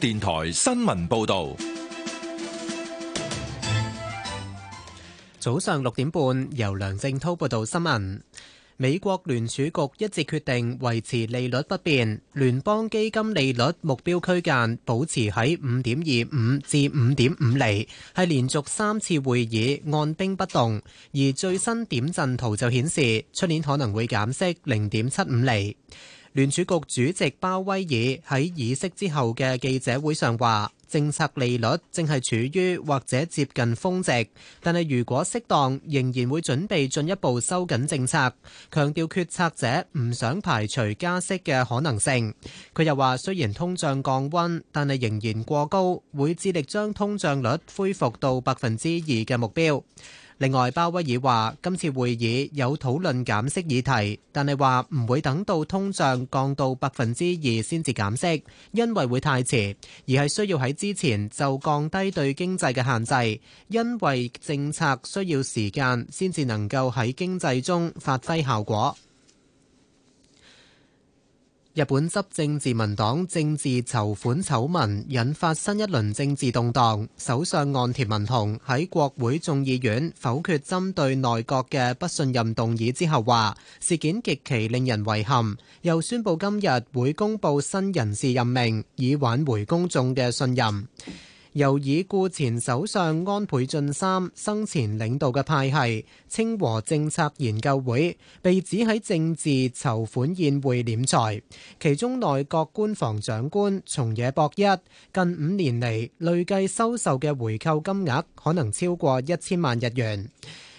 電台新聞報道：早上六點半，由梁正濤報道新聞。美國聯儲局一致決定維持利率不變，聯邦基金利率目標區間保持喺五點二五至五點五厘，係連續三次會議按兵不動。而最新點陣圖就顯示，出年可能會減息零點七五厘。聯儲局主席鮑威爾喺議息之後嘅記者會上話，政策利率正係處於或者接近峰值，但係如果適當，仍然會準備進一步收緊政策，強調決策者唔想排除加息嘅可能性。佢又話，雖然通脹降溫，但係仍然過高，會致力將通脹率恢復到百分之二嘅目標。另外，鮑威爾話今次會議有討論減息議題，但係話唔會等到通脹降到百分之二先至減息，因為會太遲，而係需要喺之前就降低對經濟嘅限制，因為政策需要時間先至能夠喺經濟中發揮效果。日本執政自民黨政治籌款醜聞引發新一輪政治動盪，首相岸田文雄喺國會眾議院否決針對內閣嘅不信任動議之後，話事件極其令人遺憾，又宣布今日會公布新人事任命，以挽回公眾嘅信任。又以故前首相安倍晉三生前領導嘅派系清和政策研究會被指喺政治籌款宴會斂財，其中內閣官房長官松野博一近五年嚟累計收受嘅回購金額可能超過一千萬日元，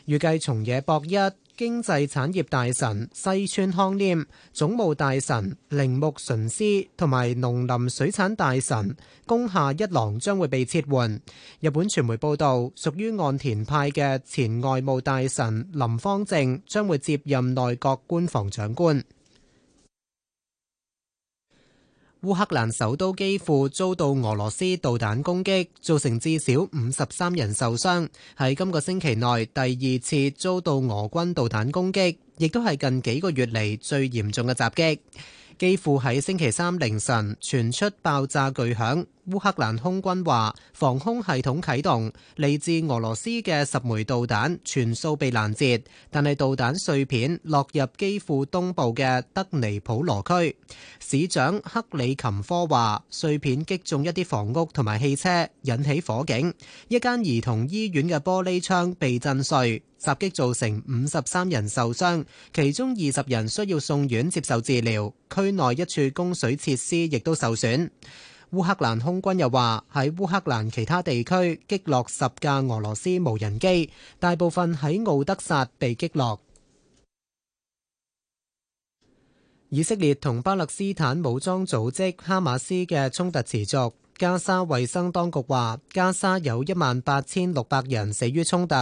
預計松野博一。經濟產業大臣西村康稔、總務大臣鈴木淳司同埋農林水產大臣宮下一郎將會被撤換。日本傳媒報道，屬於岸田派嘅前外務大臣林芳正將會接任內閣官房長官。烏克蘭首都基輔遭到俄羅斯導彈攻擊，造成至少五十三人受傷，喺今個星期內，第二次遭到俄軍導彈攻擊，亦都係近幾個月嚟最嚴重嘅襲擊。基輔喺星期三凌晨傳出爆炸巨響。烏克蘭空軍話防空系統啟動，嚟自俄羅斯嘅十枚導彈全數被攔截，但係導彈碎片落入基輔東部嘅德尼普羅區。市長克里琴科話，碎片擊中一啲房屋同埋汽車，引起火警。一間兒童醫院嘅玻璃窗被震碎，襲擊造成五十三人受傷，其中二十人需要送院接受治療。區內一處供水設施亦都受損。烏克蘭空軍又話喺烏克蘭其他地區擊落十架俄羅斯無人機，大部分喺奧德薩被擊落。以色列同巴勒斯坦武裝組織哈馬斯嘅衝突持續。加沙衛生當局話，加沙有一萬八千六百人死於衝突，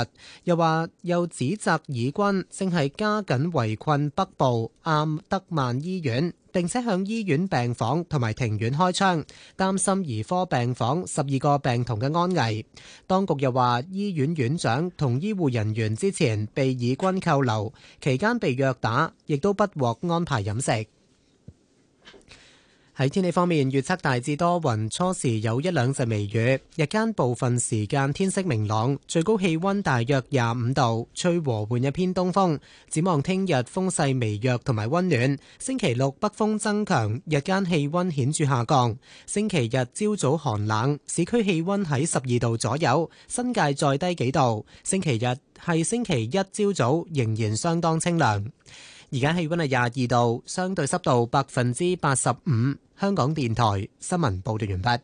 又話又指責以軍正係加緊圍困北部阿德曼醫院，並且向醫院病房同埋庭院開槍，擔心兒科病房十二個病童嘅安危。當局又話，醫院院長同醫護人員之前被以軍扣留，期間被虐打，亦都不獲安排飲食。喺天氣方面，預測大致多雲，初時有一兩陣微雨，日間部分時間天色明朗，最高氣溫大約廿五度，吹和緩一偏東風，展望聽日風勢微弱同埋溫暖，星期六北風增強，日間氣溫顯著下降。星期日朝早，早寒冷，市區氣溫喺十二度左右，新界再低幾度。星期日係星期一朝早，早仍然相當清涼。而家氣溫係廿二度，相對濕度百分之八十五。香港電台新聞報道完畢。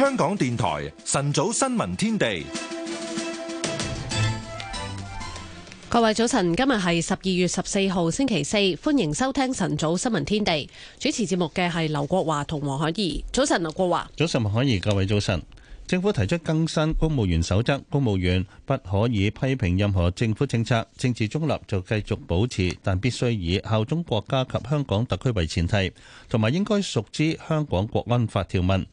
香港電台晨早新聞天地。各位早晨，今日係十二月十四號星期四，歡迎收聽晨早新聞天地。主持節目嘅係劉國華同黃海怡。早晨，劉國華。早晨，黃海怡。各位早晨，政府提出更新公務員守則，公務員不可以批評任何政府政策，政治中立就繼續保持，但必須以效忠國家及香港特區為前提，同埋應該熟知香港國安法條文。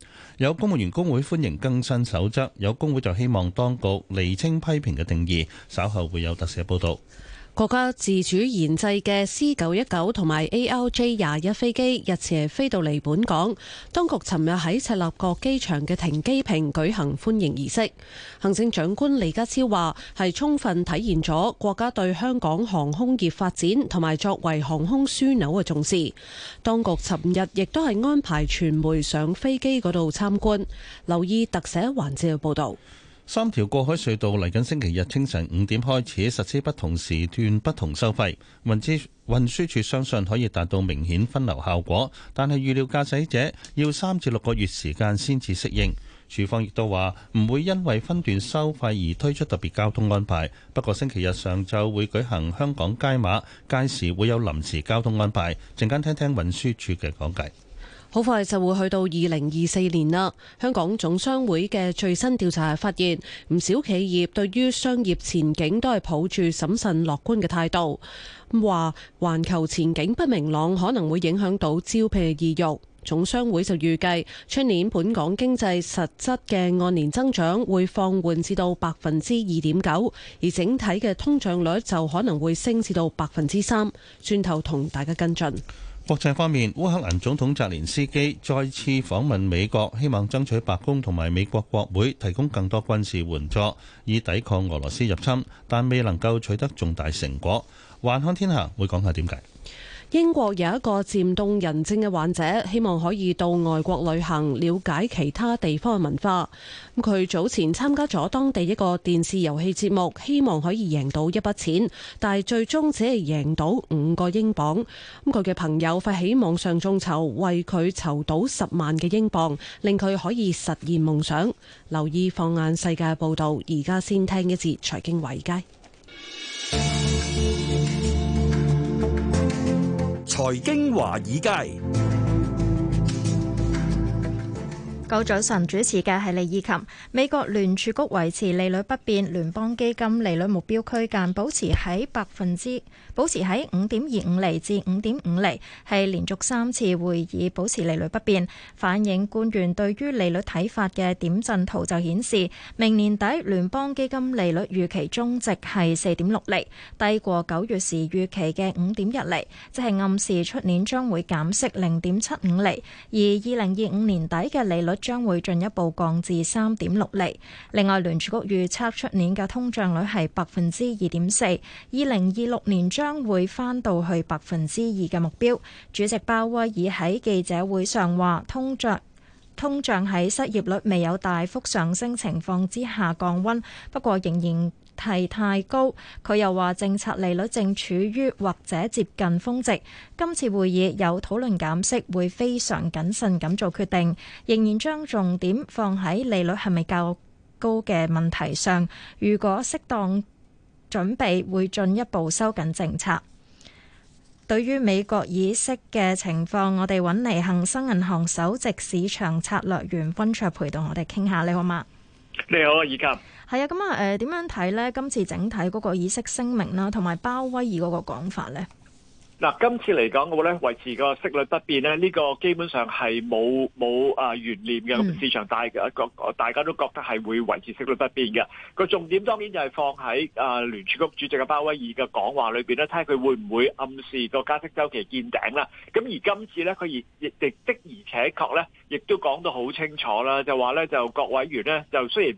有公務員工會歡迎更新守則，有工會就希望當局釐清批評嘅定義。稍後會有特寫報道。國家自主研製嘅 C 九一九同埋 ARJ 廿一飛機日前係飛到嚟本港，當局尋日喺赤鱲角機場嘅停機坪舉行歡迎儀式。行政長官李家超話係充分體現咗國家對香港航空業發展同埋作為航空樞紐嘅重視。當局尋日亦都係安排傳媒上飛機嗰度參觀，留意特寫環節嘅報道。三條過海隧道嚟緊星期日清晨五點開始實施不同時段不同收費，運輸運輸處相信可以達到明顯分流效果，但係預料駕駛者要三至六個月時間先至適應。處方亦都話唔會因為分段收費而推出特別交通安排，不過星期日上晝會舉行香港街馬，屆時會有臨時交通安排。陣間聽聽運輸處嘅講解。好快就會去到二零二四年啦。香港總商會嘅最新調查發現，唔少企業對於商業前景都係抱住審慎樂觀嘅態度。話環球前景不明朗，可能會影響到招聘意欲。總商會就預計出年本港經濟實質嘅按年增長會放緩至到百分之二點九，而整體嘅通脹率就可能會升至到百分之三。轉頭同大家跟進。國際方面，烏克蘭總統澤連斯基再次訪問美國，希望爭取白宮同埋美國國會提供更多軍事援助，以抵抗俄羅斯入侵，但未能夠取得重大成果。環漢天下會講下點解。英國有一個漸凍人症嘅患者，希望可以到外國旅行，了解其他地方嘅文化。佢早前參加咗當地一個電視遊戲節目，希望可以贏到一筆錢，但係最終只係贏到五個英鎊。佢嘅朋友發起網上眾籌，為佢籌到十萬嘅英鎊，令佢可以實現夢想。留意放眼世界報導，而家先聽一節財經話解。財經華爾街。今早晨主持嘅係李爾琴。美國聯儲局維持利率不變，聯邦基金利率目標區間保持喺百分之。保持喺五點二五厘至五點五厘，係連續三次會議保持利率不變。反映官員對於利率睇法嘅點陣圖就顯示，明年底聯邦基金利率預期中值係四點六厘，低過九月時預期嘅五點一厘，即係暗示出年將會減息零點七五厘，而二零二五年底嘅利率將會進一步降至三點六厘。另外，聯儲局預測出年嘅通脹率係百分之二點四，二零二六年將將會翻到去百分之二嘅目標。主席鮑威爾喺記者會上話，通脹通脹喺失業率未有大幅上升情況之下降温，不過仍然係太高。佢又話，政策利率正處於或者接近峰值。今次會議有討論減息，會非常謹慎咁做決定，仍然將重點放喺利率係咪較高嘅問題上。如果適當。準備會進一步收緊政策。對於美國議息嘅情況，我哋揾嚟恒生銀行首席市場策略員溫灼培同我哋傾下。你好嘛？你好，以家。係啊，咁、呃、啊，誒，點樣睇呢？今次整體嗰個議息聲明啦，同埋鮑威爾嗰個講法呢？嗱，今次嚟講嘅話咧，維持個息率不變咧，呢、這個基本上係冇冇啊懸念嘅市場，大個大家都覺得係會維持息率不變嘅。個重點當然就係放喺啊聯儲局主席嘅鮑威爾嘅講話裏邊咧，睇下佢會唔會暗示個加息周期見頂啦。咁而今次咧，佢亦亦亦的而且確咧，亦都講得好清楚啦，就話咧就各委員咧就雖然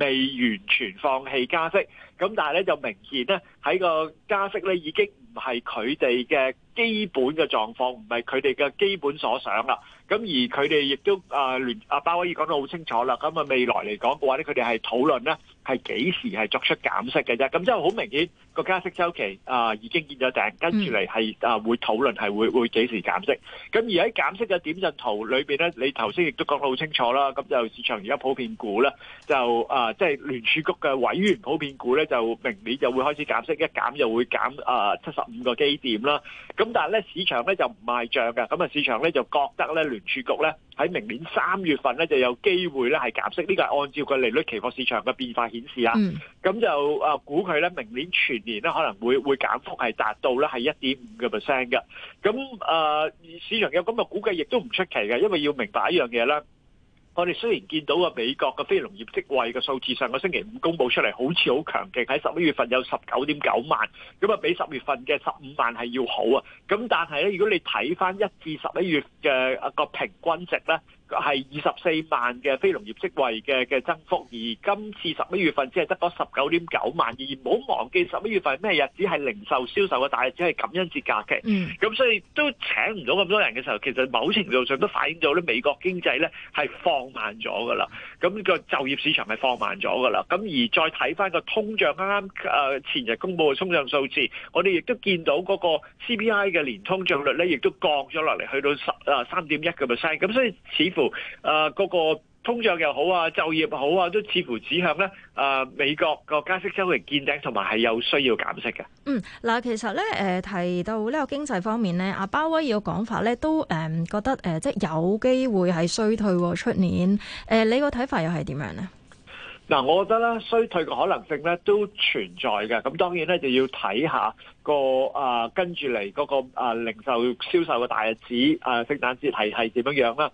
未完全放棄加息，咁但係咧就明顯咧喺個加息咧已經。唔係佢哋嘅基本嘅狀況，唔係佢哋嘅基本所想啦。咁而佢哋亦都啊聯啊鮑威爾講得好清楚啦。咁啊未來嚟講嘅話，咧，佢哋係討論咧。係幾時係作出減息嘅啫？咁即係好明顯個加息周期啊、呃、已經見咗頂，跟住嚟係啊會討論係會會幾時減息。咁而喺減息嘅點陣圖裏邊咧，你頭先亦都講得好清楚啦。咁就市場而家普遍估咧，就啊即係聯儲局嘅委員普遍估咧，就明年就會開始減息，一減就會減啊七十五個基點啦。咁但係咧，市場咧就唔賣帳㗎，咁啊市場咧就覺得咧聯儲局咧，喺明年三月份咧就有機會咧係減息，呢、這個係按照個利率期貨市場嘅變化顯示啊。咁、嗯、就啊、呃、估佢咧明年全年咧可能會會減幅係達到咧係一點五個 percent 嘅。咁啊、呃、市場有咁嘅估計，亦都唔出奇嘅，因為要明白一樣嘢啦。我哋雖然見到個美國嘅非農業職位嘅數字上個星期五公佈出嚟，好似好強勁，喺十一月份有十九點九萬，咁啊比十月份嘅十五萬係要好啊，咁但係咧，如果你睇返一至十一月嘅一個平均值咧。係二十四萬嘅非農業職位嘅嘅增幅，而今次十一月份只係得嗰十九點九萬，而唔好忘記十一月份咩日子係零售銷售嘅大日子，係感恩節假期，咁所以都請唔到咁多人嘅時候，其實某程度上都反映到咧，美國經濟咧係放慢咗噶啦，咁呢個就業市場係放慢咗噶啦，咁而再睇翻個通脹啱啱，誒前日公佈嘅通脹數字，我哋亦都見到嗰個 CPI 嘅年通脹率咧，亦都降咗落嚟，去到十啊三點一個 percent，咁所以似乎。誒、啊、個，個通脹又好啊，就業又好啊，都似乎指向咧誒，美國個加息周期見頂，同埋係有需要減息嘅。嗯，嗱，其實咧誒、呃、提到呢個經濟方面咧，阿鮑威爾嘅講法咧都誒覺得誒、呃，即係有機會係衰退。出年誒、呃，你個睇法又係點樣呢？嗱、嗯，我覺得咧衰退嘅可能性咧都存在嘅。咁、嗯、當然咧就要睇下、那個誒、啊、跟住嚟嗰個誒、啊、零售銷售嘅大日子誒聖誕節係係點樣樣啦。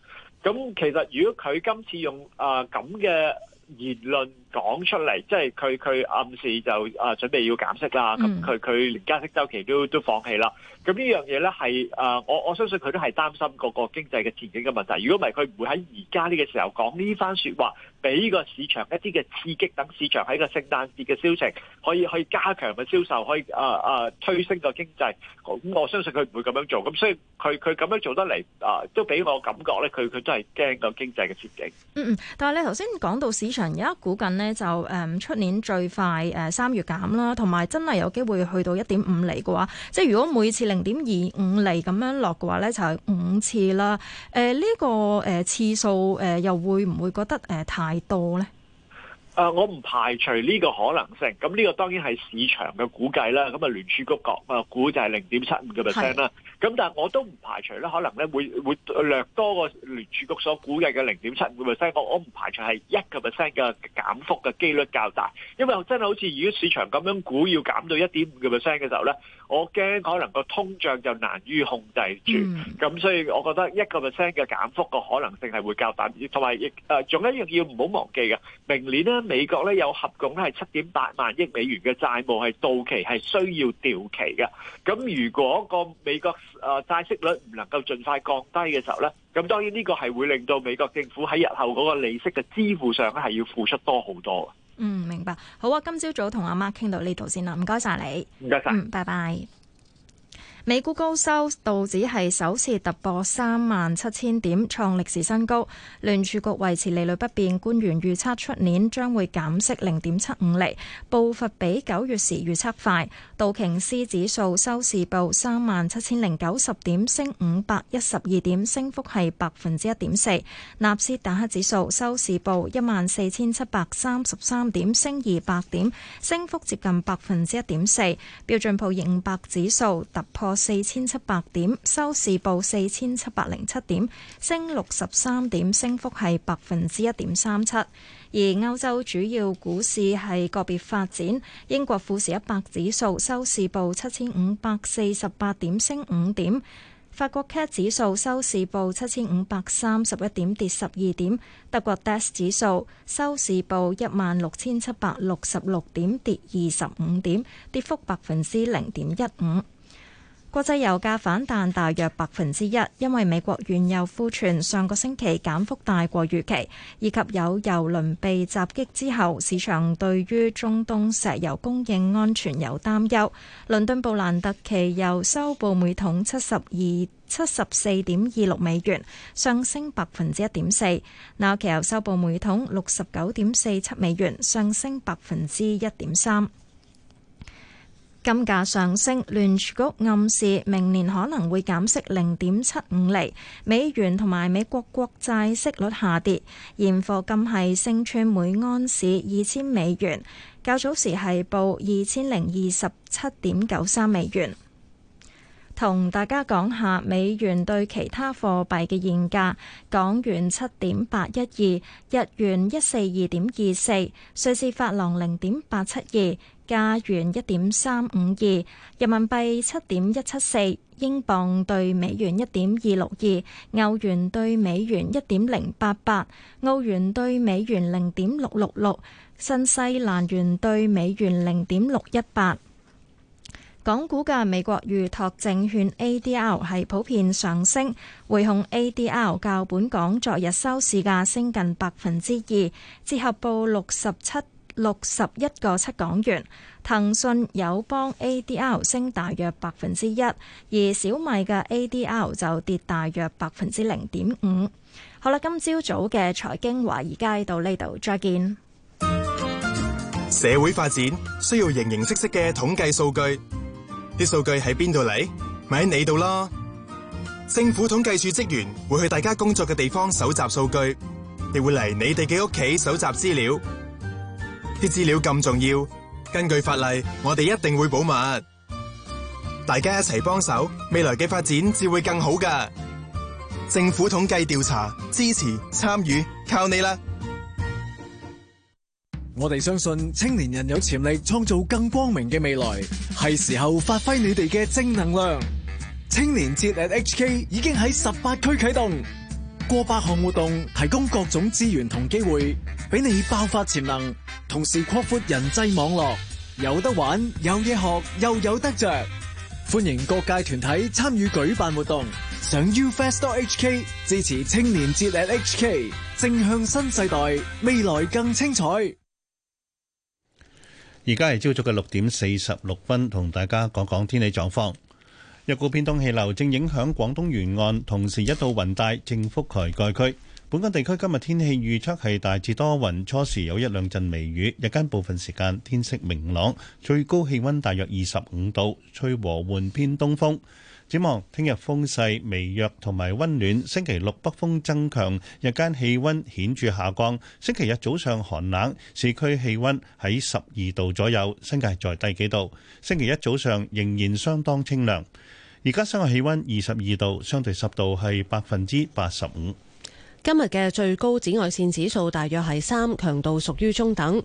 咁其實，如果佢今次用啊咁嘅言論，講出嚟，即係佢佢暗示就啊準備要減息啦，咁佢佢連加息周期都都放棄啦。咁呢樣嘢咧係誒，我我相信佢都係擔心個經濟嘅前景嘅問題。如果唔係，佢唔會喺而家呢個時候講呢番說話，俾個市場一啲嘅刺激，等市場喺個聖誕節嘅消息，可以去加強個銷售，可以誒誒、uh, uh, 推升個經濟。咁我，我相信佢唔會咁樣做。咁所以佢佢咁樣做得嚟誒、呃，都俾我感覺咧，佢佢都係驚個經濟嘅前景。嗯嗯，但係你頭先講到市場而家估緊。咧就誒，出年最快誒三月減啦，同埋真係有機會去到一點五厘嘅話，即係如果每次零點二五厘咁樣落嘅話咧，就係、是、五次啦。誒、呃、呢、這個誒次數誒又會唔會覺得誒太多呢？誒，我唔排除呢個可能性。咁呢個當然係市場嘅估計啦。咁啊聯儲局講啊估就係零點七五個 percent 啦。咁是但係我都唔排除咧，可能咧會會略多個聯儲局所估計嘅零點七五個 percent。我唔排除係一個 percent 嘅減幅嘅機率較大。因為真係好似如果市場咁樣估要減到一點五個 percent 嘅時候咧，我驚可能個通脹就難於控制住。咁、嗯、所以我覺得一個 percent 嘅減幅個可能性係會較大。同埋亦誒，仲一樣要唔好忘記嘅，明年咧。美國咧有合共係七點八萬億美元嘅債務係到期係需要調期嘅，咁如果個美國誒債息率唔能夠盡快降低嘅時候咧，咁當然呢個係會令到美國政府喺日後嗰個利息嘅支付上咧係要付出多好多。嗯，明白。好啊，今朝早同阿媽傾到呢度先啦，唔該晒你，唔該曬，嗯，拜拜。美股高收，道指係首次突破三萬七千點，創歷史新高。聯儲局維持利率不變，官員預測出年將會減息零點七五厘，步伐比九月時預測快。道瓊斯指數收市報三萬七千零九十點，升五百一十二點，升幅係百分之一點四。納斯達克指數收市報一萬四千七百三十三點，升二百點，升幅接近百分之一點四。標準普爾五百指數突破四千七百點收市報四千七百零七點，升六十三點，升幅係百分之一點三七。而歐洲主要股市係個別發展，英國富時一百指數收市報七千五百四十八點，升五點；法國 cat 指數收市報七千五百三十一點，跌十二點；德國 DAX 指數收市報一萬六千七百六十六點，跌二十五點，跌幅百分之零點一五。國際油價反彈大約百分之一，因為美國原油庫存上個星期減幅大過預期，以及有油輪被襲擊之後，市場對於中東石油供應安全有擔憂。倫敦布蘭特期油收報每桶七十二七十四點二六美元，上升百分之一點四。那期油收報每桶六十九點四七美元，上升百分之一點三。金價上升，聯儲局暗示明年可能會減息零點七五厘。美元同埋美國國債息率下跌，現貨金係升穿每盎司二千美元。較早時係報二千零二十七點九三美元。同大家講下美元對其他貨幣嘅現價：港元七點八一二，日元一四二點二四，瑞士法郎零點八七二。加元一點三五二，人民幣七點一七四，英鎊兌美元一點二六二，歐元兌美元一點零八八，澳元兌美元零點六六六，新西蘭元兌美元零點六一八。港股嘅美國預託證券 ADR 係普遍上升，匯控 ADR 較本港昨日收市價升近百分之二，折合報六十七。六十一個七港元。騰訊友邦 ADR 升大約百分之一，而小米嘅 ADR 就跌大約百分之零點五。好啦，今朝早嘅財經華爾街到呢度再見。社會發展需要形形色色嘅統計數據，啲數據喺邊度嚟？咪喺你度咯。政府統計處職員會去大家工作嘅地方搜集數據，亦會嚟你哋嘅屋企搜集資料。啲資料咁重要，根據法例，我哋一定會保密。大家一齊幫手，未來嘅發展至會更好噶。政府統計調查支持參與，靠你啦！我哋相信青年人有潛力創造更光明嘅未來，係時候發揮你哋嘅正能量。青年節 at HK 已經喺十八區啟動。過百項活動，提供各種資源同機會俾你爆發潛能，同時擴闊人際網絡。有得玩，有嘢學，又有得着。歡迎各界團體參與舉辦活動。上 ufest.hk 支持青年節 at HK，正向新世代，未來更精彩。而家係朝早嘅六點四十六分，同大家講講天氣狀況。一股偏東氣流正影響廣東沿岸，同時一道雲帶正覆蓋該區。本港地區今日天氣預測係大致多雲，初時有一兩陣微雨，日間部分時間天色明朗，最高氣温大約二十五度，吹和緩偏東風。展望聽日風勢微弱同埋温暖，星期六北風增強，日間氣温顯著下降。星期日早上寒冷，市區氣温喺十二度左右，新界係在低幾度。星期一早上仍然相當清涼。而家室外氣温二十二度，相對濕度係百分之八十五。今日嘅最高紫外線指數大約係三，強度屬於中等。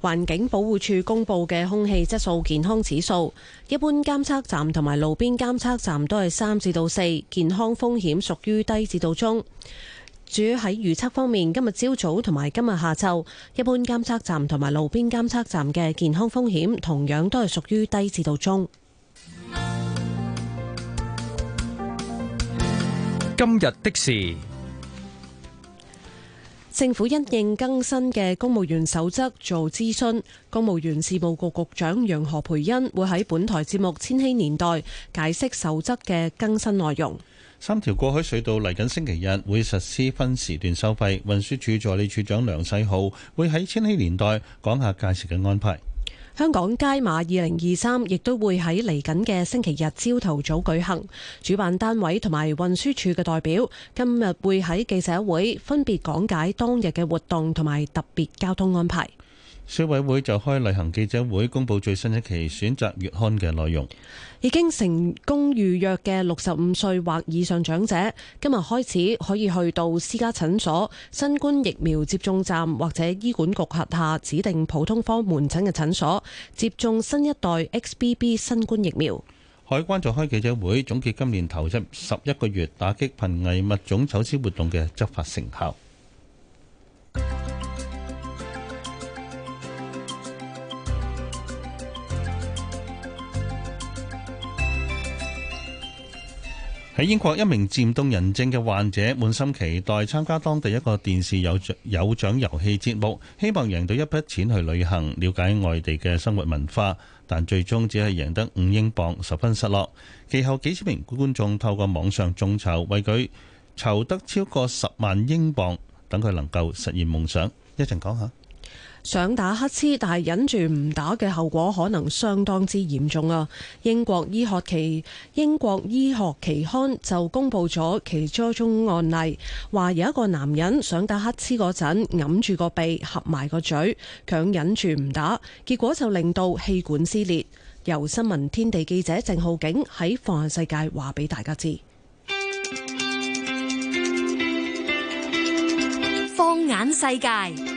環境保護署公布嘅空氣質素健康指數，一般監測站同埋路邊監測站都係三至到四，健康風險屬於低至到中。主要喺預測方面，今日朝早同埋今日下晝，一般監測站同埋路邊監測站嘅健康風險同樣都係屬於低至到中。今日的事。政府因應更新嘅公務員守則做諮詢，公務員事務局局長楊何培恩會喺本台節目《千禧年代》解釋守則嘅更新內容。三條過海隧道嚟緊星期日會實施分時段收費，運輸署助理處長梁世浩會喺《千禧年代》講下屆時嘅安排。香港街馬二零二三亦都會喺嚟緊嘅星期日朝頭早舉行，主辦單位同埋運輸署嘅代表今日會喺記者會分別講解當日嘅活動同埋特別交通安排。消委會就開例行記者會，公布最新一期選擇月刊嘅內容。已經成功預約嘅六十五歲或以上長者，今日開始可以去到私家診所、新冠疫苗接種站或者醫管局轄下指定普通科門診嘅診所，接種新一代 XBB 新冠疫苗。海關就開記者會，總結今年頭十一個月打擊瀕危物種走私活動嘅執法成效。喺英國，一名漸凍人症嘅患者滿心期待參加當地一個電視有獎有獎遊戲節目，希望贏到一筆錢去旅行，了解外地嘅生活文化。但最終只係贏得五英鎊，十分失落。其後幾千名觀眾透過網上眾籌為佢籌得超過十萬英鎊，等佢能夠實現夢想。一陣講下。想打乞嗤，但係忍住唔打嘅後果可能相當之嚴重啊！英國醫學期英國醫學期刊就公布咗其中一宗案例，話有一個男人想打乞嗤嗰陣，揞住個鼻，合埋個嘴，強忍住唔打，結果就令到氣管撕裂。由新聞天地記者鄭浩景喺放眼世界話俾大家知。放眼世界。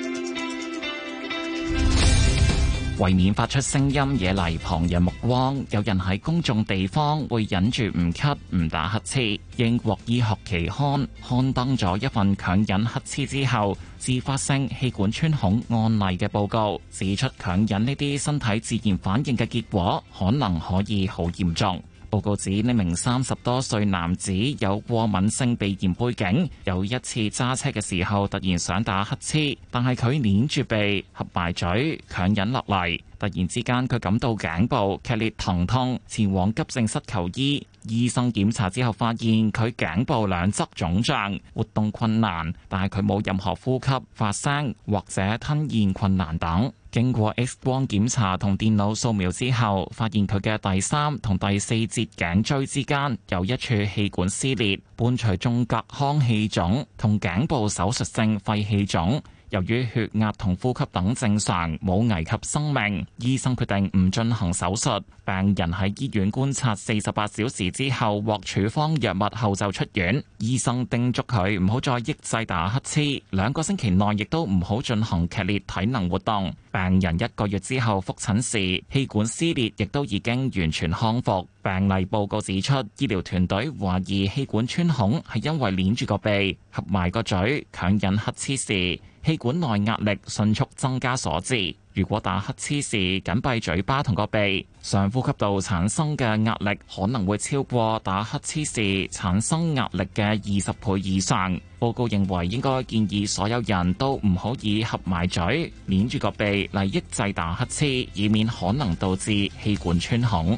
為免發出聲音惹嚟，旁人目光，有人喺公眾地方會忍住唔咳、唔打乞嗤。英國醫學期刊刊登咗一份強忍乞嗤之後自發性氣管穿孔案例嘅報告，指出強忍呢啲身體自然反應嘅結果，可能可以好嚴重。報告指呢名三十多歲男子有過敏性鼻炎背景，有一次揸車嘅時候突然想打乞嗤，但係佢捏住鼻、合埋嘴，強忍落嚟。突然之間，佢感到頸部劇烈疼痛，前往急症室求醫。醫生檢查之後發現佢頸部兩側腫脹、活動困難，但係佢冇任何呼吸、發聲或者吞咽困難等。經過 X 光檢查同電腦掃描之後，發現佢嘅第三同第四節頸椎之間有一處氣管撕裂，伴隨縱隔腔氣腫同頸部手術性肺氣腫。由於血壓同呼吸等正常，冇危及生命，醫生決定唔進行手術。病人喺醫院觀察四十八小時之後，獲處方藥物後就出院。醫生叮囑佢唔好再抑制打乞嗤，兩個星期內亦都唔好進行劇烈體能活動。病人一個月之後復診時，氣管撕裂亦都已經完全康復。病例報告指出，醫療團隊懷疑氣管穿孔係因為捏住個鼻、合埋個嘴強忍乞嗤時。氣管內壓力迅速增加所致。如果打乞嗤時緊閉嘴巴同個鼻，上呼吸道產生嘅壓力可能會超過打乞嗤時產生壓力嘅二十倍以上。報告認為應該建議所有人都唔可以合埋嘴、捏住個鼻嚟抑制打乞嗤，以免可能導致氣管穿孔。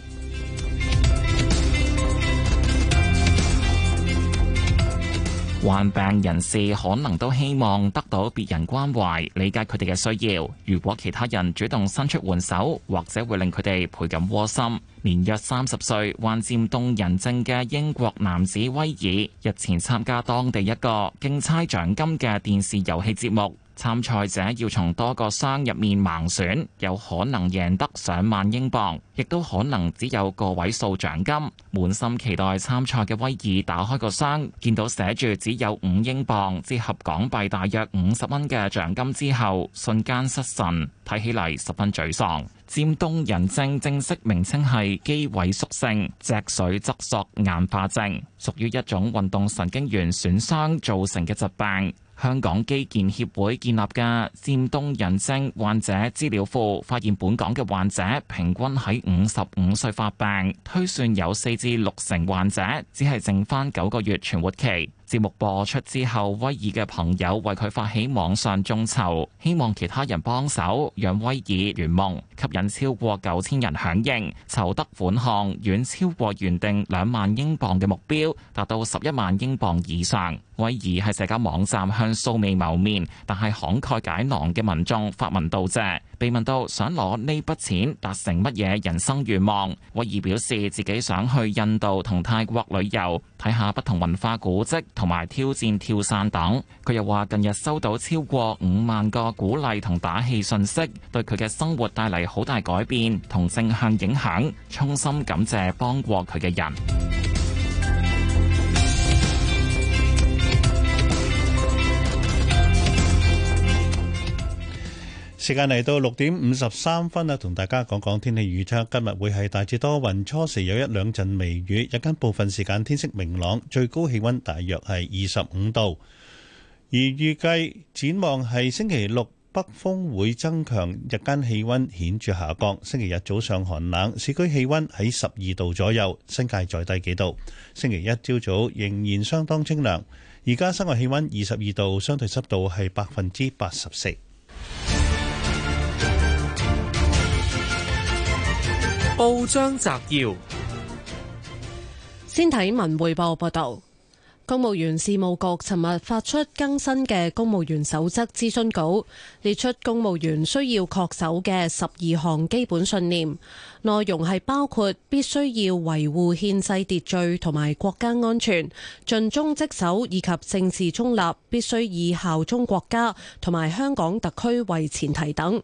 患病人士可能都希望得到別人關懷，理解佢哋嘅需要。如果其他人主動伸出援手，或者會令佢哋倍感窩心。年約三十歲患漸凍人症嘅英國男子威爾，日前參加當地一個競猜獎金嘅電視遊戲節目。參賽者要從多個箱入面盲選，有可能贏得上萬英鎊，亦都可能只有個位數獎金。滿心期待參賽嘅威爾打開個箱，見到寫住只有五英鎊，折合港幣大約五十蚊嘅獎金之後，瞬間失神，睇起嚟十分沮喪。漸凍人症正式名稱係肌萎縮性脊髓側索硬化症，屬於一種運動神經元損傷造成嘅疾病。香港基建協會建立嘅漸凍人症患者資料庫發現本港嘅患者平均喺五十五歲發病，推算有四至六成患者只係剩翻九個月存活期。節目播出之後威爾嘅朋友為佢發起網上眾籌，希望其他人幫手，讓威爾圓夢。吸引超過九千人響應，籌得款項遠超過原定兩萬英鎊嘅目標，達到十一萬英鎊以上。威爾喺社交網站向素未謀面但係慷慨解囊嘅民眾發文道謝。被問到想攞呢筆錢達成乜嘢人生願望，威爾表示自己想去印度同泰國旅遊，睇下不同文化古蹟，同埋挑戰跳傘等。佢又話近日收到超過五萬個鼓勵同打氣信息，對佢嘅生活帶嚟好大改變同正向影響，衷心感謝幫過佢嘅人。時間嚟到六點五十三分啦，同大家講講天氣預測。今日會係大致多雲，初時有一兩陣微雨，日間部分時間天色明朗，最高氣温大約係二十五度。而預計展望係星期六。北風會增強，日間氣溫顯著下降。星期日早上寒冷，市區氣溫喺十二度左右，新界再低幾度。星期一朝早仍然相當清涼。而家室外氣溫二十二度，相對濕度係百分之八十四。報章摘要，先睇文匯報報道。公務員事務局尋日發出更新嘅公務員守則諮詢稿，列出公務員需要確守嘅十二項基本信念，內容係包括必須要維護憲制秩序同埋國家安全、盡忠職守以及政治中立，必須以效忠國家同埋香港特區為前提等。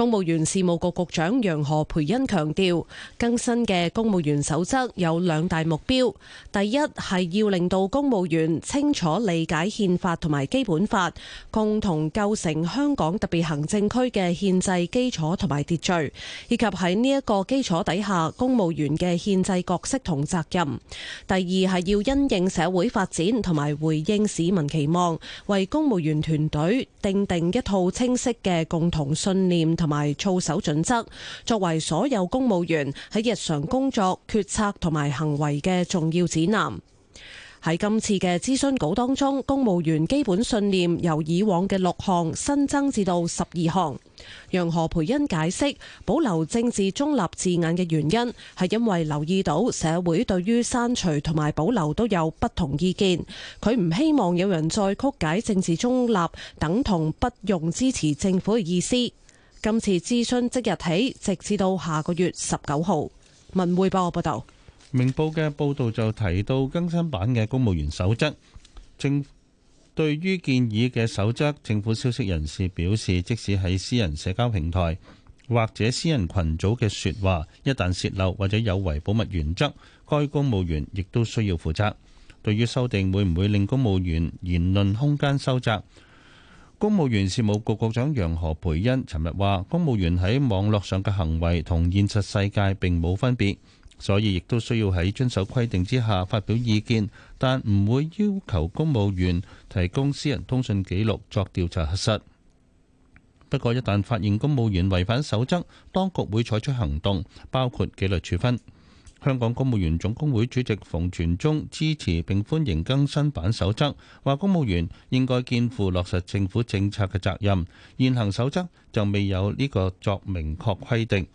公務員事務局局長楊何培恩強調，更新嘅公務員守則有兩大目標：第一係要令到公務員清楚理解憲法同埋基本法，共同構成香港特別行政區嘅憲制基礎同埋秩序，以及喺呢一個基礎底下公務員嘅憲制角色同責任；第二係要因應社會發展同埋回應市民期望，為公務員團隊訂定一套清晰嘅共同信念同埋操守準則作為所有公務員喺日常工作、決策同埋行為嘅重要指南。喺今次嘅諮詢稿當中，公務員基本信念由以往嘅六項新增至到十二項。楊何蓓茵解釋保留政治中立字眼嘅原因係因為留意到社會對於刪除同埋保留都有不同意見，佢唔希望有人再曲解政治中立等同不用支持政府嘅意思。今次諮詢即日起，直至到下個月十九號。文匯報報道，明報嘅報導就提到更新版嘅公務員守則，政對於建議嘅守則，政府消息人士表示，即使喺私人社交平台或者私人群組嘅說話，一旦洩漏或者有違保密原則，該公務員亦都需要負責。對於修訂會唔會令公務員言論空間收窄？公務員事務局局長楊何蓓茵尋日話，公務員喺網絡上嘅行為同現實世界並冇分別，所以亦都需要喺遵守規定之下發表意見，但唔會要求公務員提供私人通訊記錄作調查核實。不過，一旦發現公務員違反守則，當局會採取行動，包括紀律處分。香港公務員總工會主席馮全忠支持並歡迎更新版守則，話公務員應該肩負落實政府政策嘅責任，現行守則就未有呢個作明確規定。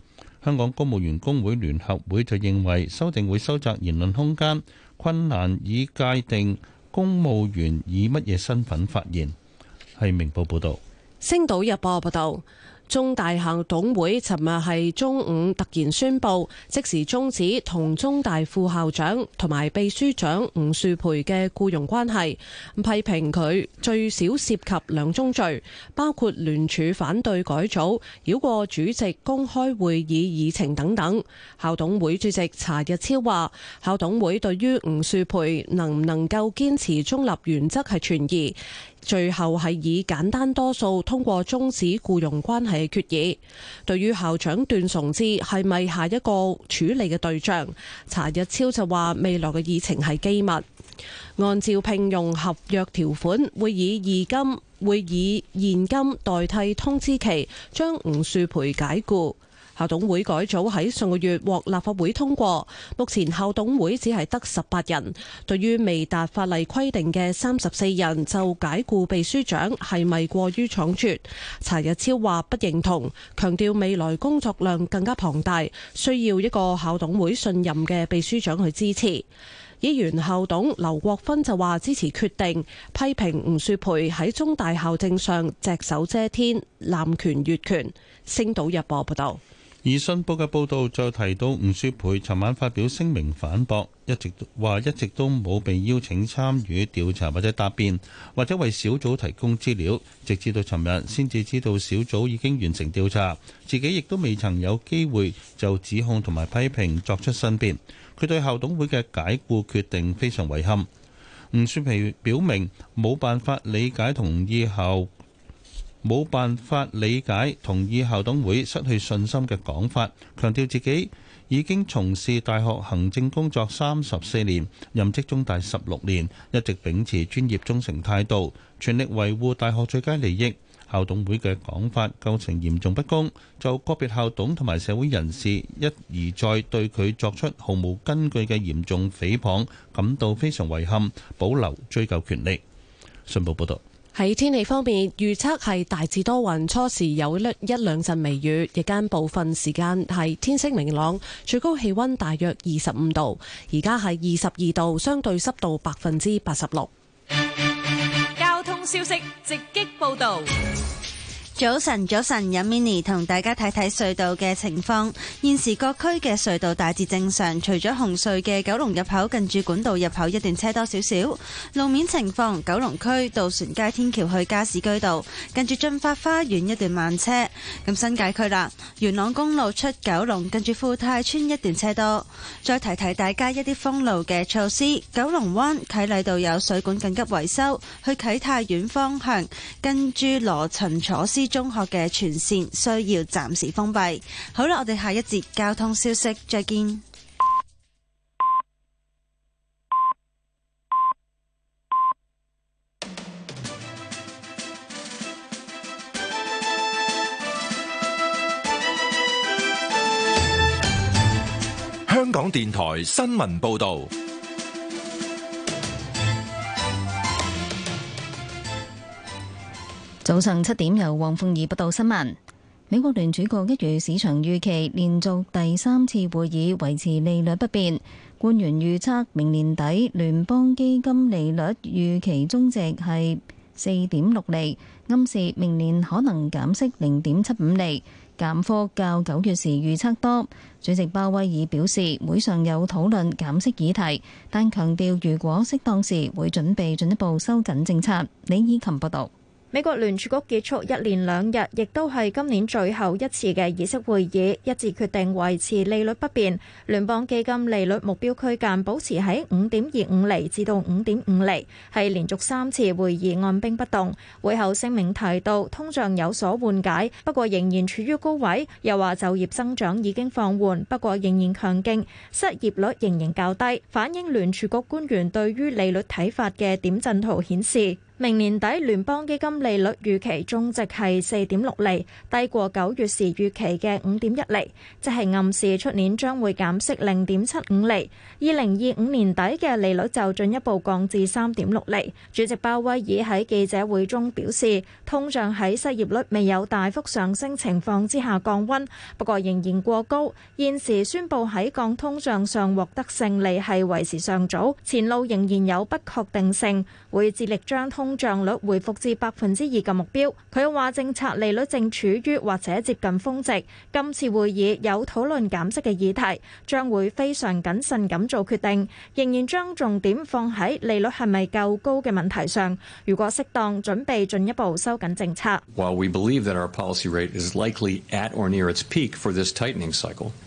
香港公務員工會聯合會就認為修訂會收窄言論空間，困難以界定公務員以乜嘢身份發言。係明報報道、星島日報報道。中大校董會尋日係中午突然宣布，即時終止同中大副校長同埋秘書長吳樹培嘅僱傭關係，批評佢最少涉及兩宗罪，包括聯署反對改組、繞過主席公開會議議程等等。校董會主席查日超話：校董會對於吳樹培能唔能夠堅持中立原則係存疑。最後係以簡單多數通過終止僱傭關係嘅決議。對於校長段崇志係咪下一個處理嘅對象？查日超就話未來嘅議程係機密。按照聘用合約條款，會以現金會以現金代替通知期，將吳樹培解僱。校董會改組喺上個月獲立法會通過，目前校董會只係得十八人。對於未達法例規定嘅三十四人，就解雇秘書長係咪過於倉促？查日超話不認同，強調未來工作量更加龐大，需要一個校董會信任嘅秘書長去支持。議員校董劉國芬就話支持決定，批評吳雪培喺中大校政上隻手遮天、濫權越權。星島日報報道。《信報》嘅報導就提到，吳雪培尋晚發表聲明反駁，一直話一直都冇被邀請參與調查或者答辯，或者為小組提供資料，直至到尋日先至知道小組已經完成調查，自己亦都未曾有機會就指控同埋批評作出申辯。佢對校董會嘅解雇決定非常遺憾。吳雪培表明冇辦法理解同意後。冇辦法理解同意校董會失去信心嘅講法，強調自己已經從事大學行政工作三十四年，任職中大十六年，一直秉持專業忠誠態度，全力維護大學最佳利益。校董會嘅講法構成嚴重不公，就個別校董同埋社會人士一而再對佢作出毫無根據嘅嚴重誹謗，感到非常遺憾，保留追究權利。信報報道。喺天氣方面，預測係大致多雲，初時有一兩陣微雨，日間部分時間係天色明朗，最高氣溫大約二十五度，而家係二十二度，相對濕度百分之八十六。交通消息直擊報道。早晨，早晨，有 mini 同大家睇睇隧道嘅情況。現時各區嘅隧道大致正常，除咗紅隧嘅九龍入口近住管道入口一段車多少少。路面情況，九龍區渡船街天橋去加士居道近住駿發花園一段慢車。咁新界區啦，元朗公路出九龍近住富泰邨一段車多。再提提大家一啲封路嘅措施，九龍灣啟禮道有水管緊急維修，去啟泰苑方向跟住羅陳楚思。中學嘅全線需要暫時封閉。好啦，我哋下一節交通消息再見。香港電台新聞報道。早上七點由，由黃鳳儀報道新聞。美國聯儲局一如市場預期，連續第三次會議維持利率不變。官員預測明年底聯邦基金利率預期中值係四點六厘，暗示明年可能減息零點七五厘，減幅較九月時預測多。主席鮑威爾表示，會上有討論減息議題，但強調如果適當時會準備進一步收緊政策。李以琴報道。美國聯儲局結束一連兩日，亦都係今年最後一次嘅議息會議，一致決定維持利率不變，聯邦基金利率目標區間保持喺5.25厘至到5.5厘，係連續三次會議按兵不動。會後聲明提到，通脹有所緩解，不過仍然處於高位，又話就業增長已經放緩，不過仍然強勁，失業率仍然較低。反映聯儲局官員對於利率睇法嘅點陣圖顯示，明年底聯邦基金利率預期中值係四點六厘，低過九月時預期嘅五點一厘，即係暗示出年將會減息零點七五厘。二零二五年底嘅利率就進一步降至三點六厘。主席鮑威爾喺記者會中表示，通脹喺失業率未有大幅上升情況之下降溫，不過仍然過高。現時宣布喺降通脹上獲得勝利係為時尚早，前路仍然有不確定性，會致力將通通脹率回復至百分之二嘅目標。佢又話政策利率正處於或者接近峰值，今次會議有討論減息嘅議題，將會非常謹慎咁做決定，仍然將重點放喺利率係咪夠高嘅問題上。如果適當，準備進一步收緊政策。While we believe that our policy rate is likely at or near its peak for this tightening cycle,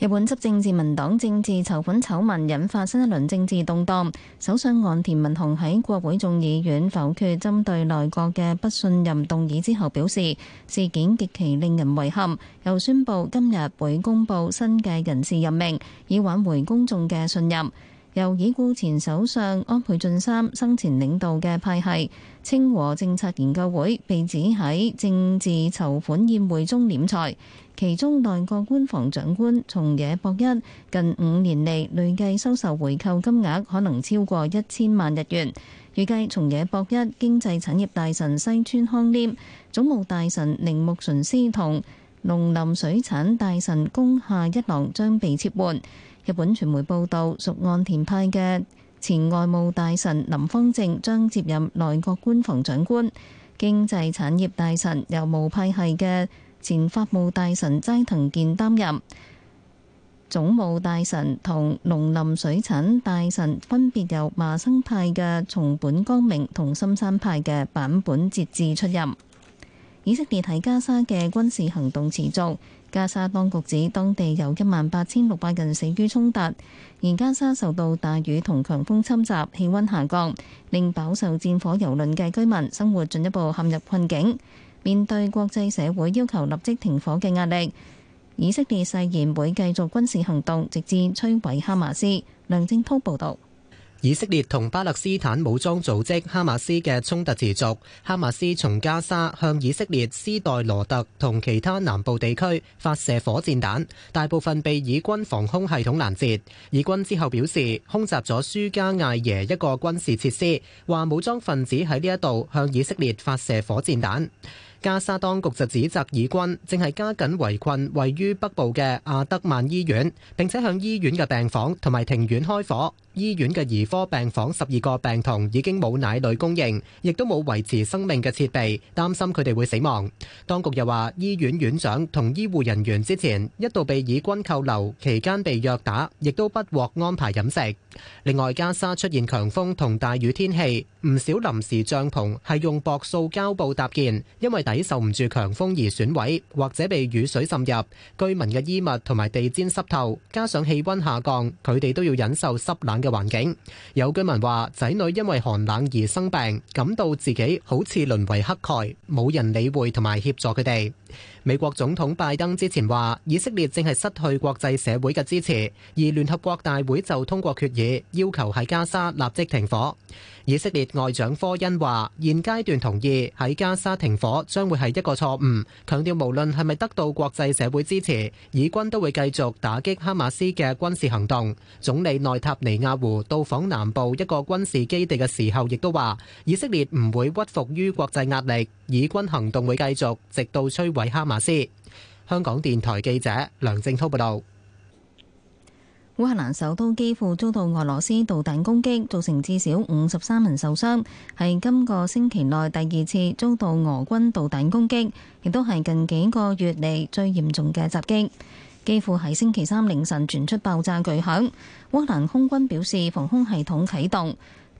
日本執政治民黨政治籌款醜聞引發新一輪政治動盪，首相岸田文雄喺國會眾議院否決針對內閣嘅不信任動議之後表示，事件極其令人遺憾，又宣布今日會公布新嘅人事任命，以挽回公眾嘅信任。由已故前首相安倍晉三生前領導嘅派系清和政策研究會被指喺政治籌款宴會中斂財。其中內閣官房長官松野博一近五年嚟累計收受回扣金額可能超過一千萬日元。預計松野博一、經濟產業大臣西村康廉、總務大臣鈴木淳司同農林水產大臣宮下一郎將被撤換。日本傳媒報導，屬岸田派嘅前外務大臣林芳正將接任內閣官房長官，經濟產業大臣由無派系嘅。前法務大臣齋藤健擔任總務大臣，同農林水產大臣分別由麻生派嘅松本剛明同森山派嘅坂本哲志出任。以色列喺加沙嘅軍事行動持續，加沙當局指當地有一萬八千六百人死於衝突，而加沙受到大雨同強風侵襲，氣温下降，令飽受戰火蹂躪嘅居民生活進一步陷入困境。面對國際社會要求立即停火嘅壓力，以色列誓言會繼續軍事行動，直至摧毀哈馬斯。梁正滔報導：以色列同巴勒斯坦武裝組織哈馬斯嘅衝突持續。哈馬斯從加沙向以色列斯代羅特同其他南部地區發射火箭彈，大部分被以軍防空系統攔截。以軍之後表示，空襲咗舒加艾耶一個軍事設施，話武裝分子喺呢一度向以色列發射火箭彈。加沙當局就指責以軍正係加緊圍困位於北部嘅阿德曼醫院，並且向醫院嘅病房同埋庭院開火。醫院嘅兒科病房十二個病童已經冇奶類供應，亦都冇維持生命嘅設備，擔心佢哋會死亡。當局又話，醫院院長同醫護人員之前一度被以軍扣留，期間被虐打，亦都不獲安排飲食。另外，加沙出現強風同大雨天氣，唔少臨時帳篷係用薄塑膠布搭建，因為抵受唔住強風而損毀，或者被雨水滲入。居民嘅衣物同埋地氈濕透，加上氣溫下降，佢哋都要忍受濕冷嘅環境有居民話，仔女因為寒冷而生病，感到自己好似淪為乞丐，冇人理會同埋協助佢哋。美國總統拜登之前話，以色列正係失去國際社會嘅支持，而聯合國大會就通過決議，要求喺加沙立即停火。以色列外長科恩話：現階段同意喺加沙停火將會係一個錯誤，強調無論係咪得到國際社會支持，以軍都會繼續打擊哈馬斯嘅軍事行動。總理內塔尼亞胡到訪南部一個軍事基地嘅時候，亦都話：以色列唔會屈服於國際壓力，以軍行動會繼續直到摧毀哈馬斯。香港電台記者梁正濤報道。烏克蘭首都基輔遭到俄羅斯導彈攻擊造成至少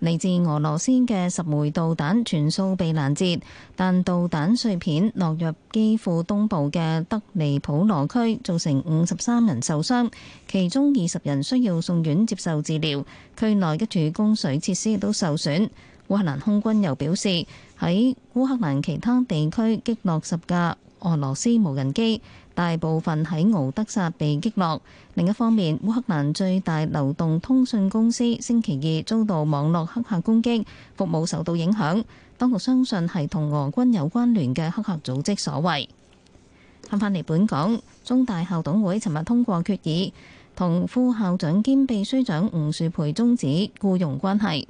嚟自俄羅斯嘅十枚導彈全數被攔截，但導彈碎片落入基輔東部嘅德尼普羅區，造成五十三人受傷，其中二十人需要送院接受治療。區內嘅一處供水設施亦都受損。烏克蘭空軍又表示，喺烏克蘭其他地區擊落十架俄羅斯無人機。大部分喺敖德薩被擊落。另一方面，烏克蘭最大流動通訊公司星期二遭到網絡黑客攻擊，服務受到影響，當局相信係同俄軍有關聯嘅黑客組織所為。翻返嚟本港，中大校董會尋日通過決議同副校長兼秘書長吳樹培終止僱傭關係。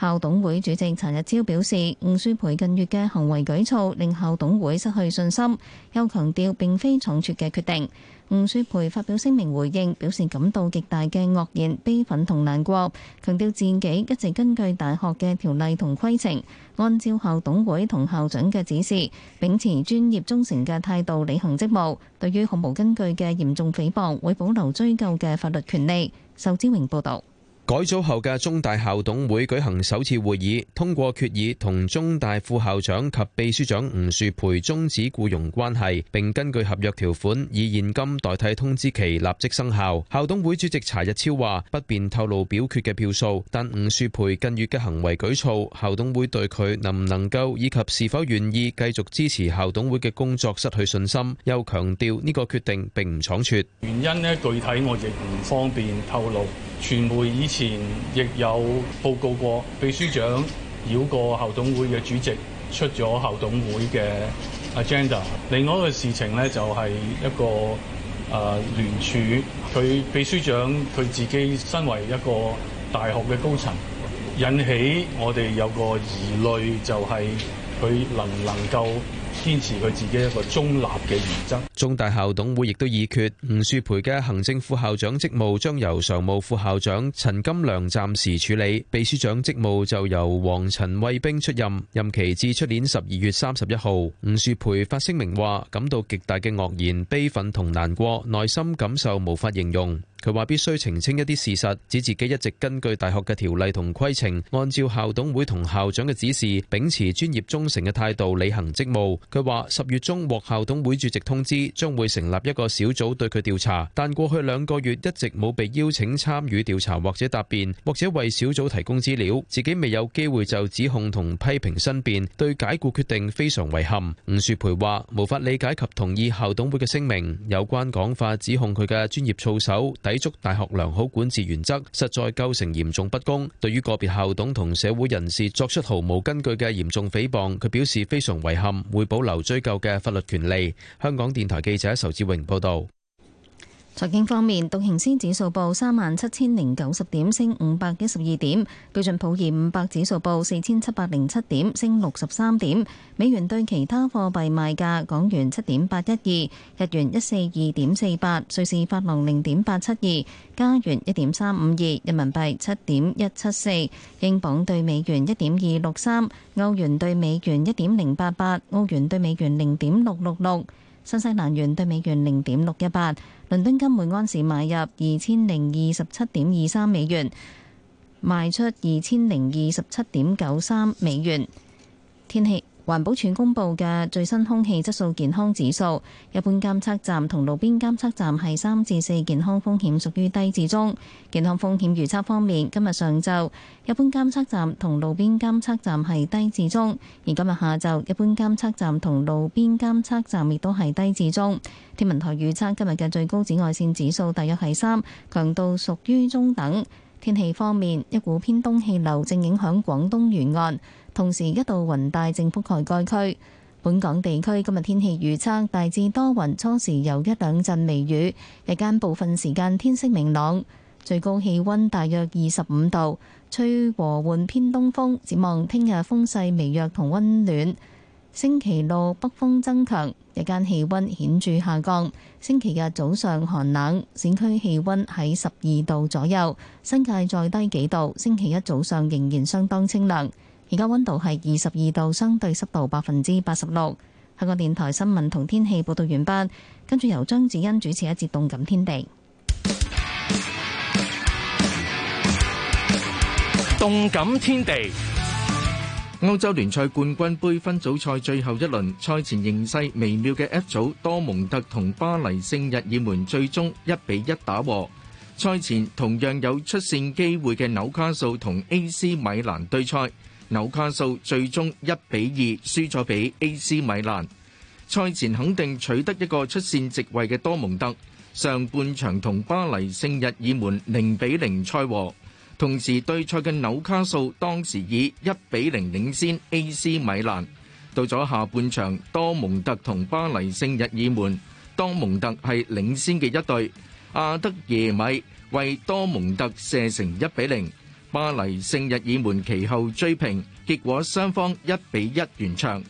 校董會主席陳日超表示，吳舒培近月嘅行為舉措令校董會失去信心，又強調並非重決嘅決定。吳舒培發表聲明回應，表示感到極大嘅愕然、悲憤同難過，強調自己一直根據大學嘅條例同規程，按照校董會同校長嘅指示，秉持專業忠誠嘅態度履行職務。對於毫無根據嘅嚴重誹謗，會保留追究嘅法律權利。仇志榮報導。改組後嘅中大校董會舉行首次會議，通過決議同中大副校長及秘書長吳樹培終止僱傭關係，並根據合約條款以現金代替通知期立即生效。校董會主席查日超話不便透露表決嘅票數，但吳樹培近月嘅行為舉措，校董會對佢能唔能夠以及是否願意繼續支持校董會嘅工作失去信心，又強調呢個決定並唔倉促，原因呢，具體我哋唔方便透露。傳媒以前亦有報告過，秘書長繞過校董會嘅主席出咗校董會嘅 agenda。另外一個事情呢，就係一個啊、呃、聯署，佢秘書長佢自己身為一個大學嘅高層，引起我哋有個疑慮就，就係佢能唔能夠。堅持佢自己一個中立嘅原則。中大校董會亦都議決，吳樹培嘅行政副校長職務將由常務副校長陳金良暫時處理，秘書長職務就由黃陳衛兵出任，任期至出年十二月三十一號，吳樹培發聲明話，感到極大嘅愕然，悲憤同難過，內心感受無法形容。佢話必須澄清一啲事實，指自己一直根據大學嘅條例同規程，按照校董會同校長嘅指示，秉持專業忠誠嘅態度履行職務。佢話十月中獲校董會主席通知，將會成立一個小組對佢調查，但過去兩個月一直冇被邀請參與調查或者答辯，或者為小組提供資料，自己未有機會就指控同批評申辯，對解僱決定非常遺憾。伍樹培話無法理解及同意校董會嘅聲明，有關講法指控佢嘅專業操守。抵觸大學良好管治原則，實在構成嚴重不公。對於個別校董同社會人士作出毫無根據嘅嚴重誹謗，佢表示非常遺憾，會保留追究嘅法律權利。香港電台記者仇志榮報道。財經方面，道瓊斯指數報三萬七千零九十點，升五百一十二點；標準普爾五百指數報四千七百零七點，升六十三點。美元對其他貨幣賣價：港元七點八一二，日元一四二點四八，瑞士法郎零點八七二，加元一點三五二，人民幣七點一七四，英鎊對美元一點二六三，歐元對美元一點零八八，澳元對美元零點六六六。新西蘭元兌美元零點六一八，倫敦金每安士買入二千零二十七點二三美元，賣出二千零二十七點九三美元。天氣。環保署公布嘅最新空氣質素健康指數，一般監測站同路邊監測站係三至四，健康風險屬於低至中。健康風險預測方面，今日上晝，一般監測站同路邊監測站係低至中，而今日下晝，一般監測站同路邊監測站亦都係低至中。天文台預測今日嘅最高紫外線指數大約係三，強度屬於中等。天氣方面，一股偏東氣流正影響廣東沿岸。同時，一道雲帶正覆蓋該區。本港地區今日天氣預測大致多雲，初時有一兩陣微雨，日間部分時間天色明朗，最高氣温大約二十五度，吹和緩偏東風。展望聽日風勢微弱同溫暖，星期六北風增強，日間氣温顯著下降。星期日早上寒冷，市區氣温喺十二度左右，新界再低幾度。星期一早上仍然相當清涼。而家溫度係二十二度，相對濕度百分之八十六。香港電台新聞同天氣報道完畢，跟住由張子欣主持一節動感天地。動感天地，歐洲聯賽冠軍杯分組賽最後一輪，賽前形勢微妙嘅 F 組，多蒙特同巴黎聖日耳門最終一比一打和。賽前同樣有出線機會嘅紐卡素同 A.C. 米蘭對賽。紐卡素最終一比二輸咗俾 AC 米蘭。賽前肯定取得一個出線席位嘅多蒙特，上半場同巴黎聖日耳門零比零賽和，同時對賽嘅紐卡素當時以一比零領先 AC 米蘭。到咗下半場，多蒙特同巴黎聖日耳門，多蒙特係領先嘅一隊，阿德耶米為多蒙特射成一比零。巴黎聖日耳門，其後追平，結果雙方一比一完場。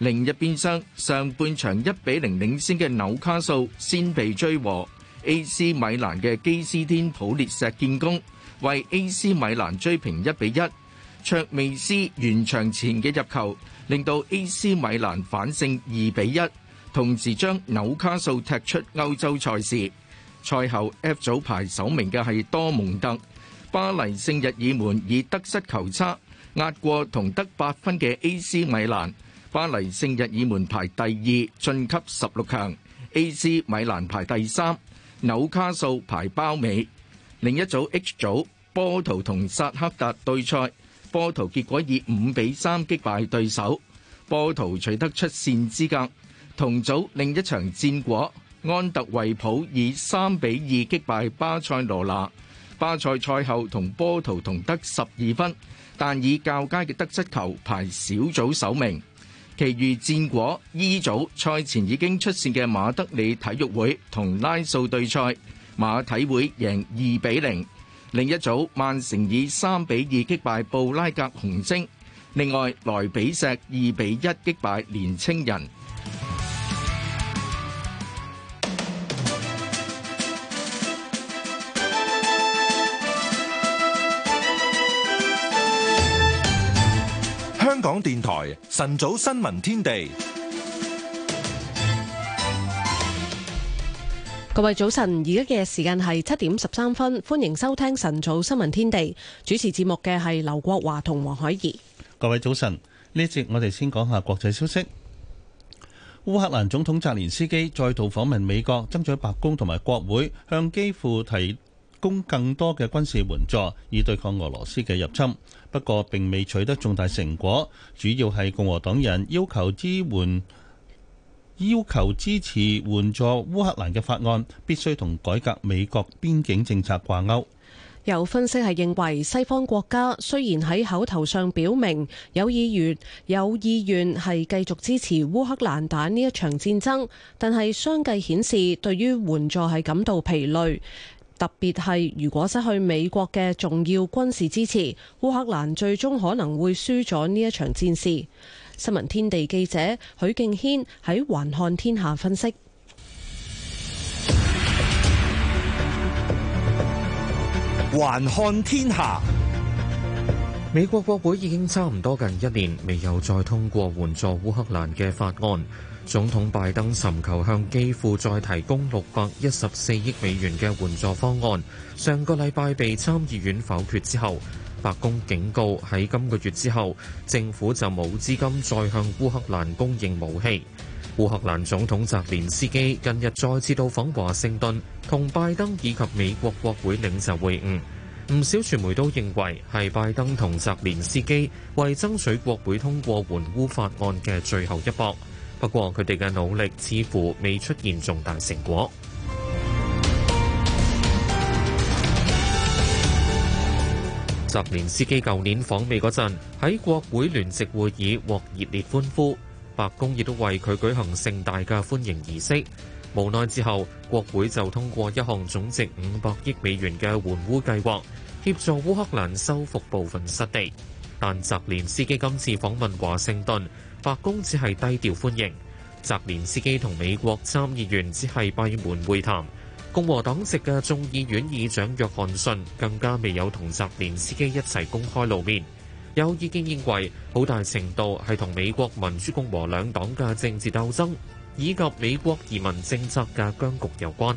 另一邊廂，上半場一比零領先嘅紐卡素先被追和。A.C. 米蘭嘅基斯天普列石建功，為 A.C. 米蘭追平一比一。卓美斯完場前嘅入球，令到 A.C. 米蘭反勝二比一，同時將紐卡素踢出歐洲賽事。賽後 F 組排首名嘅係多蒙特。巴黎聖日耳門以得失球差壓過同得八分嘅 A.C. 米蘭，巴黎聖日耳門排第二晉級十六強，A.C. 米蘭排第三，紐卡素排包尾。另一組 H 組，波圖同薩克達對賽，波圖結果以五比三擊敗對手，波圖取得出線資格。同組另一場戰果，安特衛普以三比二擊敗巴塞羅那。巴塞賽後同波圖同得十二分，但以較佳嘅得失球排小組首名。其餘戰果，E 組賽前已經出線嘅馬德里體育會同拉素對賽，馬體會贏二比零。另一組曼城以三比二擊敗布拉格紅星，另外萊比錫二比一擊敗年青人。港電台晨早新聞天地，各位早晨，而家嘅時間係七點十三分，歡迎收聽晨早新聞天地。主持節目嘅係劉國華同黃海怡。各位早晨，呢一節我哋先講下國際消息。烏克蘭總統澤連斯基再度訪問美國，爭取白宮同埋國會向基輔提供更多嘅軍事援助，以對抗俄羅斯嘅入侵。不過，並未取得重大成果，主要係共和黨人要求支援、要求支持援助烏克蘭嘅法案，必須同改革美國邊境政策掛鈎。有分析係認為，西方國家雖然喺口頭上表明有意願、有意願係繼續支持烏克蘭打呢一場戰爭，但係相繼顯示，對於援助係感到疲累。特別係如果失去美國嘅重要軍事支持，烏克蘭最終可能會輸咗呢一場戰事。新聞天地記者許敬軒喺《還看天下》分析，《還看天下》美國國會已經差唔多近一年未有再通過援助烏克蘭嘅法案。總統拜登尋求向基輔再提供六百一十四億美元嘅援助方案，上個禮拜被參議院否決之後，白宮警告喺今個月之後，政府就冇資金再向烏克蘭供應武器。烏克蘭總統澤連斯基近日再次到訪華盛頓，同拜登以及美國國會領袖會晤。唔少傳媒都認為係拜登同澤連斯基為爭取國會通過援烏法案嘅最後一搏。不過佢哋嘅努力似乎未出現重大成果。澤連斯基舊年訪美嗰陣，喺國會聯席會議獲熱烈歡呼，白宮亦都為佢舉行盛大嘅歡迎儀式。無奈之後，國會就通過一項總值五百億美元嘅援烏計劃，協助烏克蘭收復部分失地。但澤連斯基今次訪問華盛頓。白宮只係低調歡迎，澤連斯基同美國參議員只係閉門會談。共和黨籍嘅眾議院議長約翰遜更加未有同澤連斯基一齊公開露面。有意見認為，好大程度係同美國民主共和兩黨嘅政治鬥爭以及美國移民政策嘅僵局有關。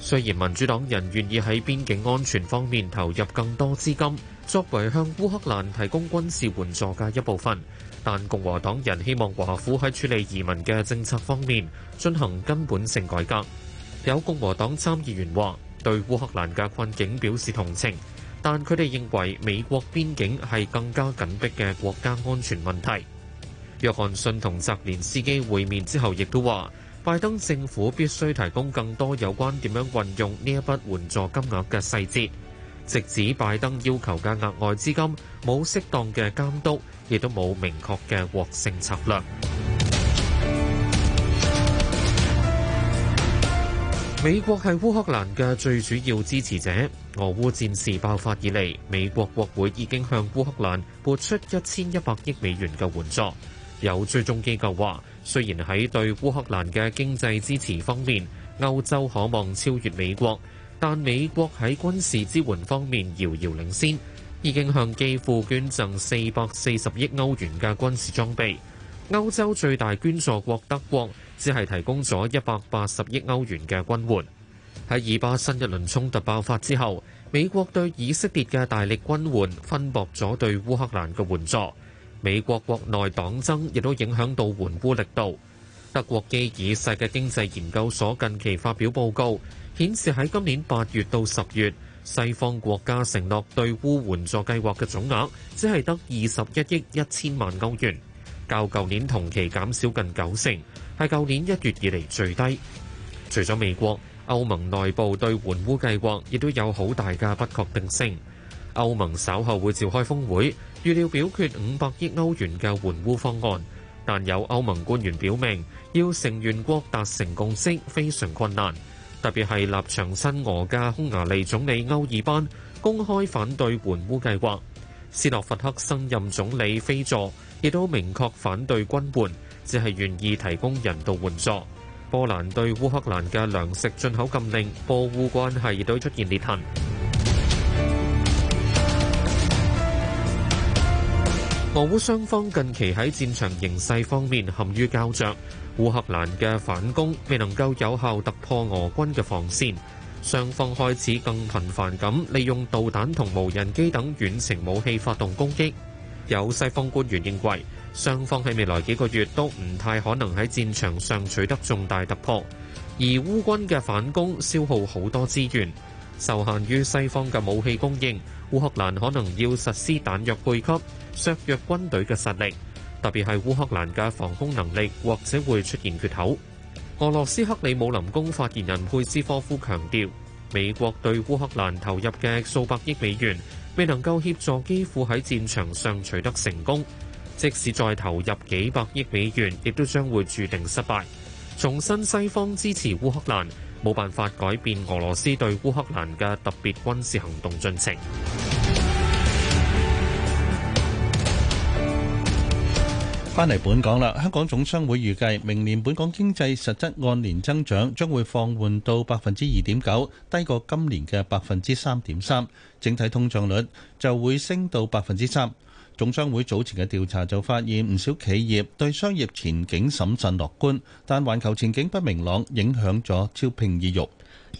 雖然民主黨人願意喺邊境安全方面投入更多資金，作為向烏克蘭提供軍事援助嘅一部分。但共和黨人希望華府喺處理移民嘅政策方面進行根本性改革。有共和黨參議員話：對烏克蘭嘅困境表示同情，但佢哋認為美國邊境係更加緊迫嘅國家安全問題。約翰遜同澤連斯基會面之後，亦都話拜登政府必須提供更多有關點樣運用呢一筆援助金額嘅細節，直指拜登要求嘅額外資金冇適當嘅監督。亦都冇明確嘅獲勝策略。美國係烏克蘭嘅最主要支持者。俄烏戰事爆發以嚟，美國國會已經向烏克蘭撥出一千一百億美元嘅援助。有追蹤機構話，雖然喺對烏克蘭嘅經濟支持方面，歐洲可望超越美國，但美國喺軍事支援方面遙遙領先。已經向基輔捐贈四百四十億歐元嘅軍事裝備，歐洲最大捐助國德國只係提供咗一百八十億歐元嘅軍援。喺以巴新一輪衝突爆發之後，美國對以色列嘅大力軍援分薄咗對烏克蘭嘅援助。美國國內黨爭亦都影響到援烏力度。德國基爾世界經濟研究所近期發表報告，顯示喺今年八月到十月，西方國家承諾對烏援助計劃嘅總額，只係得二十一億一千萬歐元，較舊年同期減少近九成，係舊年一月以嚟最低。除咗美國，歐盟內部對援烏計劃亦都有好大嘅不確定性。歐盟稍後會召開峰會，預料表決五百億歐元嘅援烏方案，但有歐盟官員表明，要成員國達成共識非常困難。特別係立場親俄嘅匈牙利總理歐爾班公開反對援烏計劃，斯洛伐克新任總理菲佐亦都明確反對軍援，只係願意提供人道援助。波蘭對烏克蘭嘅糧食進口禁令，波烏關係亦都出現裂痕。 俄烏雙方近期喺戰場形勢方面陷於膠着。烏克蘭嘅反攻未能夠有效突破俄軍嘅防線，雙方開始更頻繁咁利用導彈同無人機等遠程武器發動攻擊。有西方官員認為，雙方喺未來幾個月都唔太可能喺戰場上取得重大突破，而烏軍嘅反攻消耗好多資源，受限於西方嘅武器供應，烏克蘭可能要實施彈藥配給，削弱軍隊嘅實力。特別係烏克蘭嘅防空能力，或者會出現缺口。俄羅斯克里姆林宮發言人佩斯科夫強調，美國對烏克蘭投入嘅數百億美元，未能夠協助基輔喺戰場上取得成功。即使再投入幾百億美元，亦都將會註定失敗。重申西方支持烏克蘭，冇辦法改變俄羅斯對烏克蘭嘅特別軍事行動進程。返嚟本港啦，香港總商會預計明年本港經濟實質按年增長將會放緩到百分之二點九，低過今年嘅百分之三點三，整體通脹率就會升到百分之三。總商會早前嘅調查就發現，唔少企業對商業前景審慎樂觀，但環球前景不明朗，影響咗招聘意欲。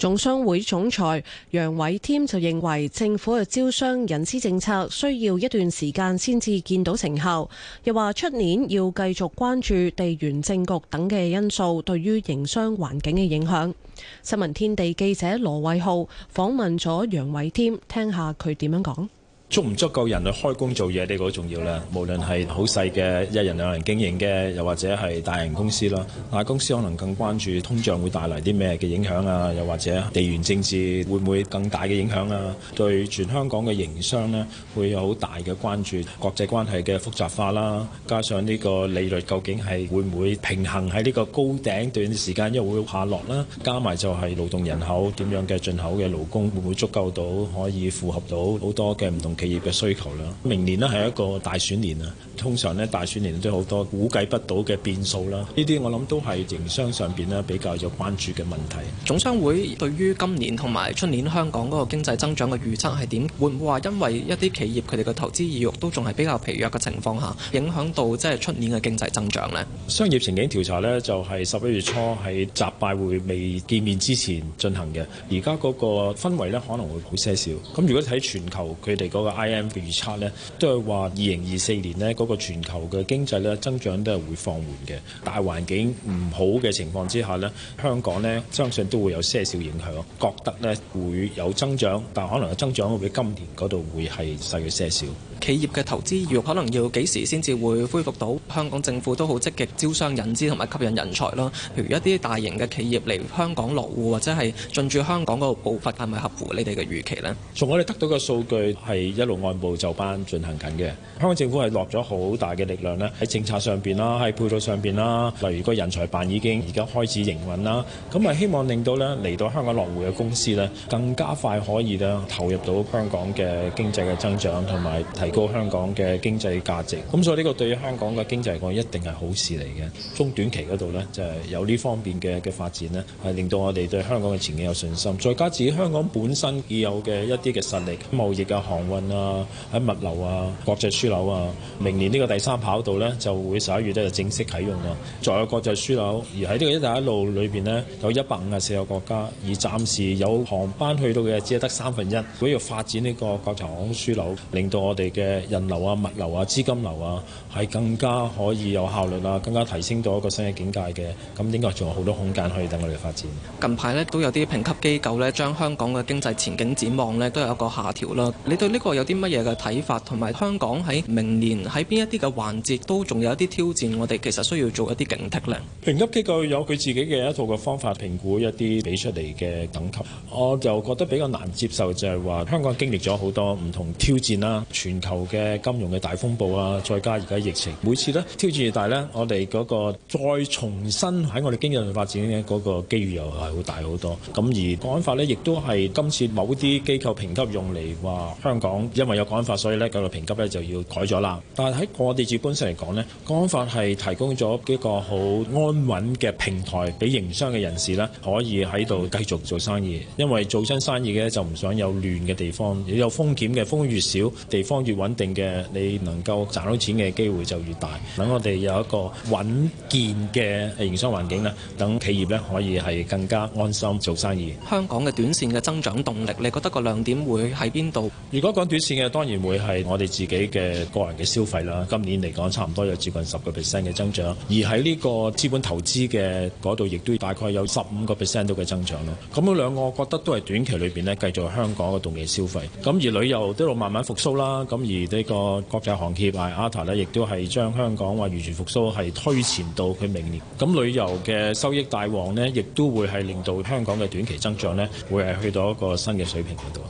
總商會總裁楊偉添就認為，政府嘅招商引資政策需要一段時間先至見到成效，又話出年要繼續關注地緣政局等嘅因素對於營商環境嘅影響。新聞天地記者羅偉浩訪問咗楊偉添，聽下佢點樣講。足唔足夠人嚟開工做嘢，呢個好重要啦。無論係好細嘅一人兩人經營嘅，又或者係大型公司啦。大公司可能更關注通脹會帶嚟啲咩嘅影響啊，又或者地緣政治會唔會更大嘅影響啊？對全香港嘅營商咧，會有好大嘅關注。國際關係嘅複雜化啦，加上呢個利率究竟係會唔會平衡喺呢個高頂短時間，因為會下落啦。加埋就係勞動人口點樣嘅進口嘅勞工會唔會足夠到可以符合到好多嘅唔同。企業嘅需求啦，明年咧係一個大選年啊，通常咧大選年都好多估計不到嘅變數啦，呢啲我諗都係營商上邊咧比較有關注嘅問題，總商會對於今年同埋出年香港嗰個經濟增長嘅預測係點？會唔會話，因為一啲企業佢哋嘅投資意欲都仲係比較疲弱嘅情況下，影響到即係出年嘅經濟增長咧？商業情景調查咧就係十一月初喺習拜會未見面之前進行嘅，而家嗰個氛圍咧可能會好些少。咁如果睇全球佢哋嗰個。I.M 預測呢都係話二零二四年呢嗰、嗰個全球嘅經濟呢增長都係會放緩嘅。大環境唔好嘅情況之下呢，香港呢相信都會有些少影響。覺得呢會有增長，但可能個增長會比今年嗰度會係細嘅些少。企業嘅投資欲可能要幾時先至會恢復到？香港政府都好積極招商引資同埋吸引人才啦，譬如一啲大型嘅企業嚟香港落戶或者係進駐香港嗰個步伐，係咪合乎你哋嘅預期咧？從我哋得到嘅數據係一路按部就班進行緊嘅。香港政府係落咗好大嘅力量咧，喺政策上邊啦，喺配套上邊啦，例如個人才辦已經而家開始營運啦，咁啊希望令到咧嚟到香港落戶嘅公司咧，更加快可以咧投入到香港嘅經濟嘅增長同埋提。高香港嘅經濟價值，咁所以呢個對於香港嘅經濟嚟講一定係好事嚟嘅。中短期嗰度咧，就係、是、有呢方面嘅嘅發展咧，係令到我哋對香港嘅前景有信心。再加自香港本身已有嘅一啲嘅實力，貿易啊、航運啊、喺物、啊、物流啊、國際樞紐啊。明年呢個第三跑道咧就會十一月咧就正式啟用啦。作為國際樞紐，而喺呢個一帶一路裏邊咧，有一百五十四個國家，而暫時有航班去到嘅只係得三分一。如果要發展呢個國際航空樞紐，令到我哋嘅人流啊、物流啊、資金流啊。係更加可以有效率啦、啊，更加提升到一個新嘅境界嘅，咁應該仲有好多空間可以等我哋發展。近排咧都有啲評級機構咧將香港嘅經濟前景展望咧都有一個下調啦。你對呢個有啲乜嘢嘅睇法？同埋香港喺明年喺邊一啲嘅環節都仲有一啲挑戰，我哋其實需要做一啲警惕咧。評級機構有佢自己嘅一套嘅方法，評估一啲俾出嚟嘅等級，我就覺得比較難接受就係話香港經歷咗好多唔同挑戰啦、啊，全球嘅金融嘅大風暴啊，再加而家。疫情每次咧，挑戰越大咧，我哋嗰個再重新喺我哋經濟上發展嘅嗰個機遇又係好大好多。咁而國安法咧，亦都係今次某啲機構評級用嚟話香港，因為有國安法，所以咧嗰個評級咧就要改咗啦。但係喺我哋主觀上嚟講呢，國安法係提供咗幾個好安穩嘅平台俾營商嘅人士咧，可以喺度繼續做生意。因為做真生意嘅就唔想有亂嘅地方，有風險嘅，風險越少，地方越穩定嘅，你能夠賺到錢嘅機會。會就越大，等我哋有一個穩健嘅營商環境咧，等企業咧可以係更加安心做生意。香港嘅短線嘅增長動力，你覺得個亮點會喺邊度？如果講短線嘅，當然會係我哋自己嘅個人嘅消費啦。今年嚟講，差唔多有接近十個 percent 嘅增長，而喺呢個資本投資嘅嗰度，亦都大概有十五個 percent 都嘅增長咯。咁呢兩個，我覺得都係短期裏邊咧，繼續香港嘅動意消費。咁而旅遊都度慢慢復甦啦。咁而呢個國際航協 IATA 亦都都係將香港話完全復甦係推前到佢明年。咁旅遊嘅收益大旺呢，亦都會係令到香港嘅短期增長呢，會係去到一個新嘅水平嗰度。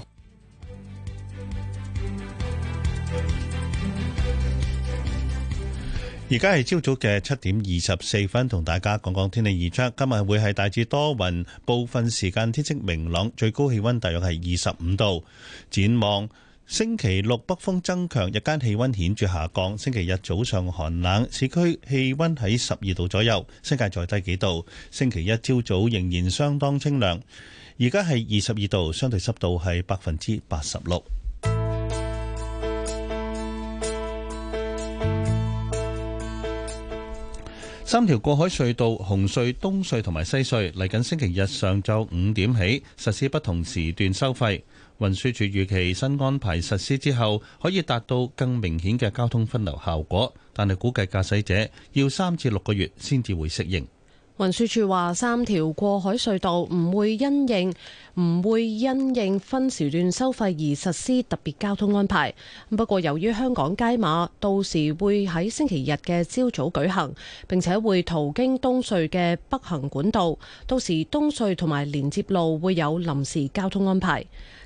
而家係朝早嘅七點二十四分，同大家講講天氣預測。今日會係大致多雲，部分時間天色明朗，最高氣溫大約係二十五度。展望。星期六北風增強，日間氣溫運輸署預期新安排實施之後，可以達到更明顯嘅交通分流效果，但係估計駕駛者要三至六個月先至會適應。運輸署話，三條過海隧道唔會因應唔會因應分時段收費而實施特別交通安排。不過，由於香港街馬到時會喺星期日嘅朝早舉行，並且會途經東隧嘅北行管道，到時東隧同埋連接路會有臨時交通安排。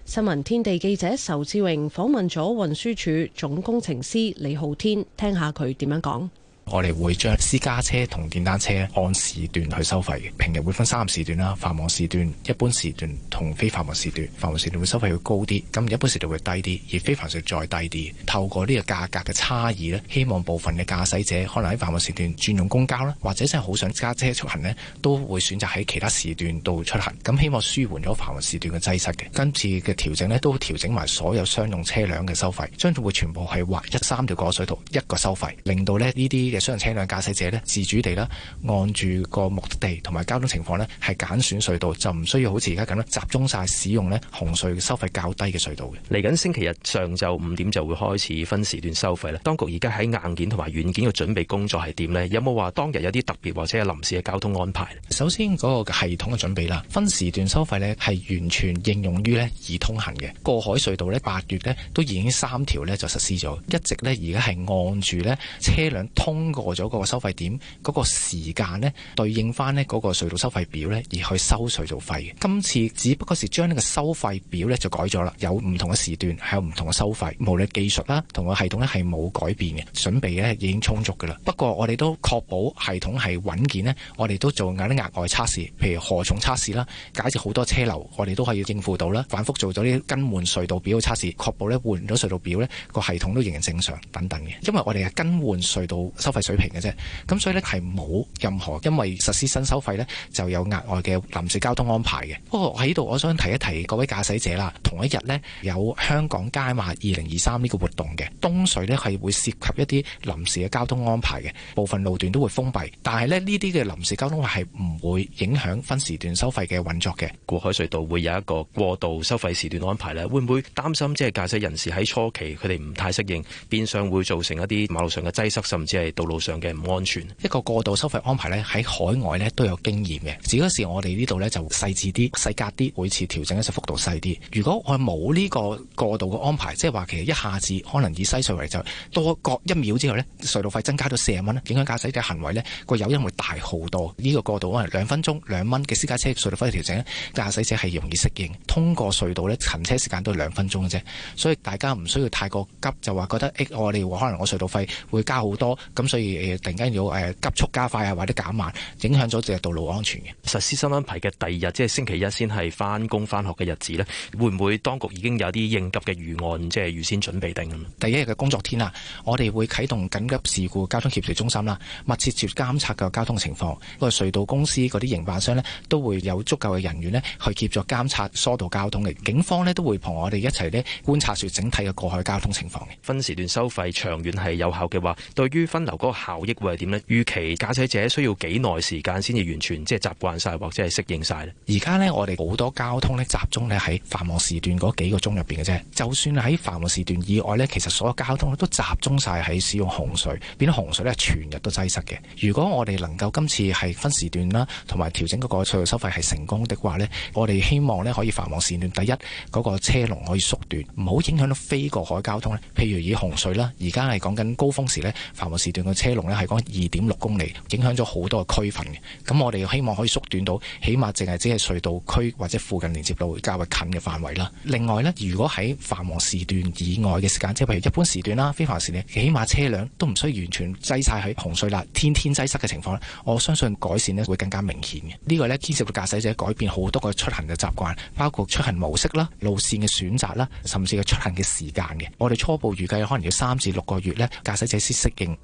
新聞天地記者仇志榮訪問咗運輸署總工程師李浩天，聽下佢點樣講。我哋會將私家車同電單車按時段去收費嘅，平日會分三個時段啦，繁忙時段、一般時段同非繁忙時段，繁忙時段會收費會高啲，咁一般時段會低啲，而非繁忙時段再低啲。透過呢個價格嘅差異呢，希望部分嘅駕駛者可能喺繁忙時段轉用公交啦，或者真係好想揸車出行呢，都會選擇喺其他時段度出行，咁希望舒緩咗繁忙時段嘅擠塞嘅。今次嘅調整呢，都會調整埋所有商用車輛嘅收費，將會全部係劃一三條過水道一個收費，令到咧呢啲。嘅商用車輛駕駛者咧，自主地啦，按住個目的地同埋交通情況咧，係揀選隧道，就唔需要好似而家咁啦，集中晒使用咧紅隧收費較低嘅隧道嘅。嚟緊星期日上晝五點就會開始分時段收費咧。當局而家喺硬件同埋軟件嘅準備工作係點呢？有冇話當日有啲特別或者係臨時嘅交通安排？首先嗰個系統嘅準備啦，分時段收費咧係完全應用於咧易通行嘅過海隧道咧。八月咧都已經三條咧就實施咗，一直咧而家係按住咧車輛通。經過咗嗰個收費點，嗰個時間呢，對應翻呢嗰個隧道收費表呢，而去收隧道費嘅。今次只不過是將呢個收費表呢就改咗啦，有唔同嘅時段係有唔同嘅收費，無論技術啦同個系統呢係冇改變嘅，準備呢已經充足噶啦。不過我哋都確保系統係穩健呢，我哋都做緊啲額外測試，譬如荷重測試啦，假設好多車流我哋都可以應付到啦，反復做咗啲更換隧道表嘅測試，確保呢換咗隧道表呢個系統都仍然正常等等嘅。因為我哋係更換隧道收。費水平嘅啫，咁所以咧係冇任何因為實施新收費咧就有額外嘅臨時交通安排嘅。不過喺度，我想提一提各位駕駛者啦。同一日咧有香港街馬二零二三呢個活動嘅東隧咧係會涉及一啲臨時嘅交通安排嘅，部分路段都會封閉。但係咧呢啲嘅臨時交通係唔會影響分時段收費嘅運作嘅。過海隧道會有一個過渡收費時段安排咧，會唔會擔心即係駕駛人士喺初期佢哋唔太適應，變相會造成一啲馬路上嘅擠塞，甚至係路上嘅唔安全，一個過渡收費安排咧喺海外咧都有經驗嘅。只嗰時我哋呢度咧就細緻啲、細格啲，每次調整嘅就幅度細啲。如果我冇呢個過渡嘅安排，即係話其實一下子可能以西隧為例就多過一秒之後呢，隧道費增加到四十蚊咧，影響駕駛嘅行為呢，個誘因會大好多。呢、這個過渡可能兩分鐘兩蚊嘅私家車隧道費調整，駕駛者係容易適應。通過隧道呢，行車時間都係兩分鐘嘅啫，所以大家唔需要太過急就話覺得誒、欸、我哋可能我隧道費會加好多咁。所以突然間要誒急速加快啊，或者減慢，影響咗就道路安全嘅。實施新安排嘅第二日，即係星期一，先係返工返學嘅日子咧，會唔會當局已經有啲應急嘅預案，即係預先準備定咁？第一日嘅工作天啊，我哋會啟動緊急事故交通協調中心啦，密切接監察嘅交通情況。個隧道公司嗰啲營辦商咧，都會有足夠嘅人員咧，去協助監察疏導交通嘅。警方咧都會同我哋一齊咧觀察住整體嘅過海交通情況嘅。分時段收費長遠係有效嘅話，對於分流。嗰個效益會係點呢？預期駕駛者需要幾耐時間先至完全即係習慣晒，或者係適應晒？咧？而家呢，我哋好多交通呢集中咧喺繁忙時段嗰幾個鐘入邊嘅啫。就算喺繁忙時段以外呢，其實所有交通都集中晒喺使用紅隧，變咗紅隧咧全日都擠塞嘅。如果我哋能夠今次係分時段啦，同埋調整嗰個隧道收費係成功的話呢，我哋希望呢可以繁忙時段第一嗰、那個車龍可以縮短，唔好影響到非過海交通呢。譬如以紅隧啦，而家係講緊高峰時呢繁忙時段。個車龍咧係講二點六公里，影響咗好多個區份嘅。咁我哋希望可以縮短到，起碼淨係只係隧道區或者附近連接到較為近嘅範圍啦。另外呢，如果喺繁忙時段以外嘅時間，即係譬如一般時段啦、非繁忙時段，起碼車輛都唔需要完全擠晒喺紅隧啦，天天擠塞嘅情況，我相信改善咧會更加明顯嘅。呢個呢，牽涉到駕駛者改變好多個出行嘅習慣，包括出行模式啦、路線嘅選擇啦，甚至係出行嘅時間嘅。我哋初步預計可能要三至六個月呢，駕駛者先適應。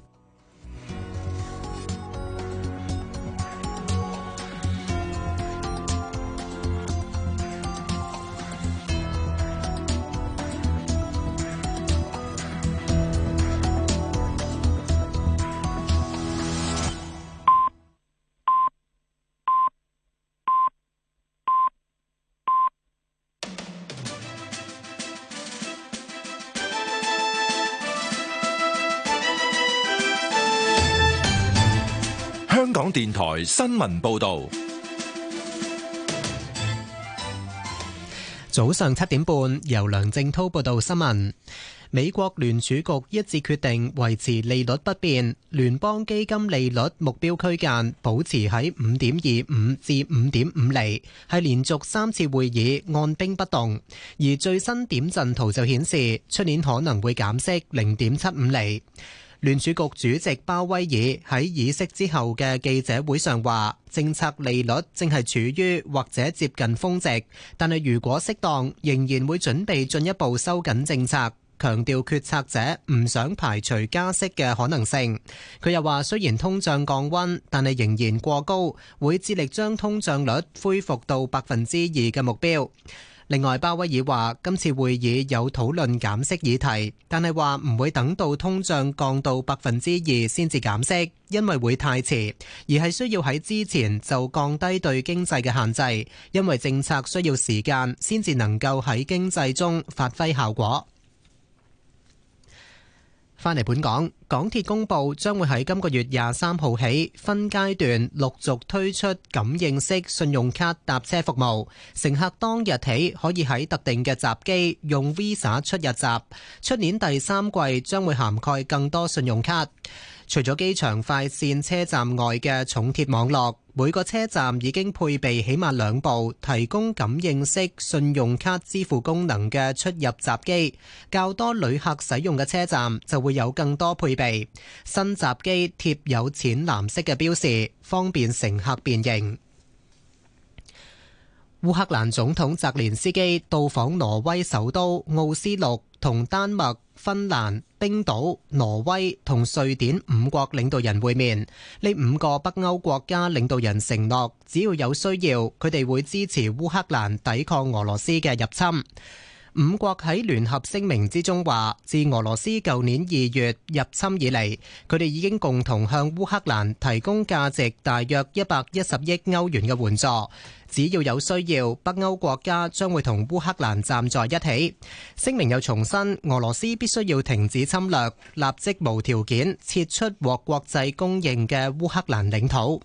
新聞報道。早上七點半，由梁正濤報道新聞。美國聯儲局一致決定維持利率不變，聯邦基金利率目標區間保持喺五點二五至五點五厘，係連續三次會議按兵不動。而最新點陣圖就顯示，出年可能會減息零點七五厘。聯儲局主席鮑威爾喺議息之後嘅記者會上話，政策利率正係處於或者接近峰值，但係如果適當，仍然會準備進一步收緊政策。強調決策者唔想排除加息嘅可能性。佢又話，雖然通脹降溫，但係仍然過高，會致力將通脹率恢復到百分之二嘅目標。另外，鮑威爾話今次會議有討論減息議題，但係話唔會等到通脹降到百分之二先至減息，因為會太遲，而係需要喺之前就降低對經濟嘅限制，因為政策需要時間先至能夠喺經濟中發揮效果。返嚟本港，港鐵公佈將會喺今個月廿三號起分階段陸續推出感應式信用卡搭車服務，乘客當日起可以喺特定嘅閘機用 Visa 出入閘。出年第三季將會涵蓋更多信用卡，除咗機場快線車站外嘅重鐵網絡。每個車站已經配備起碼兩部提供感應式信用卡支付功能嘅出入閘機，較多旅客使用嘅車站就會有更多配備。新閘機貼有淺藍色嘅標示，方便乘客辨認。烏克蘭總統澤連斯基到訪挪威首都奧斯陸同丹麥、芬蘭、冰島、挪威同瑞典五國領導人會面。呢五個北歐國家領導人承諾，只要有需要，佢哋會支持烏克蘭抵抗俄羅斯嘅入侵。五國喺聯合聲明之中話，自俄羅斯舊年二月入侵以嚟，佢哋已經共同向烏克蘭提供價值大約一百一十億歐元嘅援助。只要有需要，北歐國家將會同烏克蘭站在一起。聲明又重申，俄羅斯必須要停止侵略，立即無條件撤出獲國際公認嘅烏克蘭領土。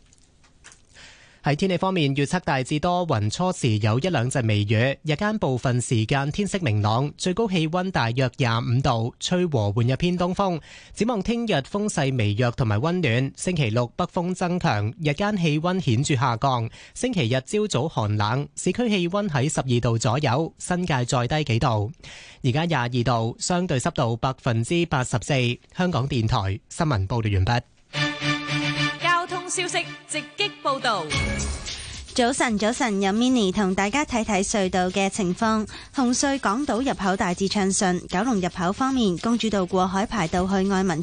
喺天氣方面，預測大致多雲，初時有一兩陣微雨，日間部分時間天色明朗，最高氣溫大約廿五度，吹和緩一偏東風。展望聽日風勢微弱同埋溫暖，星期六北風增強，日間氣溫顯著下降，星期日朝早，早寒冷，市區氣溫喺十二度左右，新界再低幾度。而家廿二度，相對濕度百分之八十四。香港電台新聞報道完畢。消息直擊報道。早晨，早晨，有 Mini 同大家睇睇隧道嘅情況。紅隧港島入口大致暢順，九龍入口方面，公主道過海排到去愛民邨，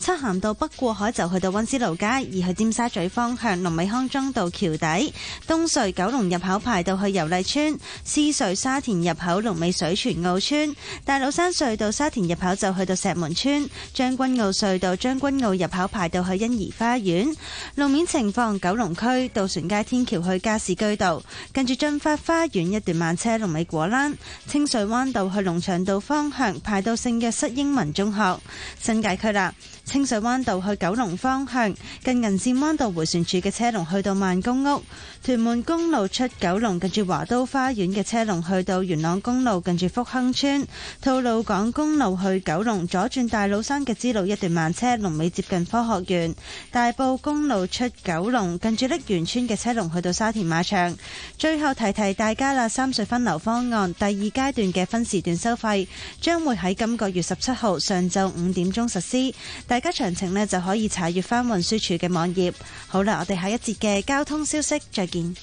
漆咸道北過海就去到溫思勞街，而去尖沙咀方向龍尾、康莊道橋底。東隧九龍入口排到去油麗邨，獅隧沙田入口龍尾水泉澳邨，大老山隧道沙田入口就去到石門邨，將軍澳隧道將軍澳入口排到去欣怡花園。路面情況，九龍區渡船街天橋去。加士居道，跟住駿發花園一段慢車，龍尾果欄，清水灣道去龍翔道方向排到聖約瑟英文中學，新界區啦。清水灣道去九龍方向，近銀線灣道回旋處嘅車龍去到孟公屋；屯門公路出九龍，近住華都花園嘅車龍去到元朗公路，近住福亨村；吐露港公路去九龍，左轉大老山嘅支路一段慢車，龍尾接近科學園；大埔公路出九龍，近住瀝源村嘅車龍去到沙田馬場。最後提提大家啦，三隧分流方案第二階段嘅分時段收費，將會喺今個月十七號上晝五點鐘實施。第大家詳情呢就可以查閱返運輸署嘅網頁。好啦，我哋下一節嘅交通消息，再見。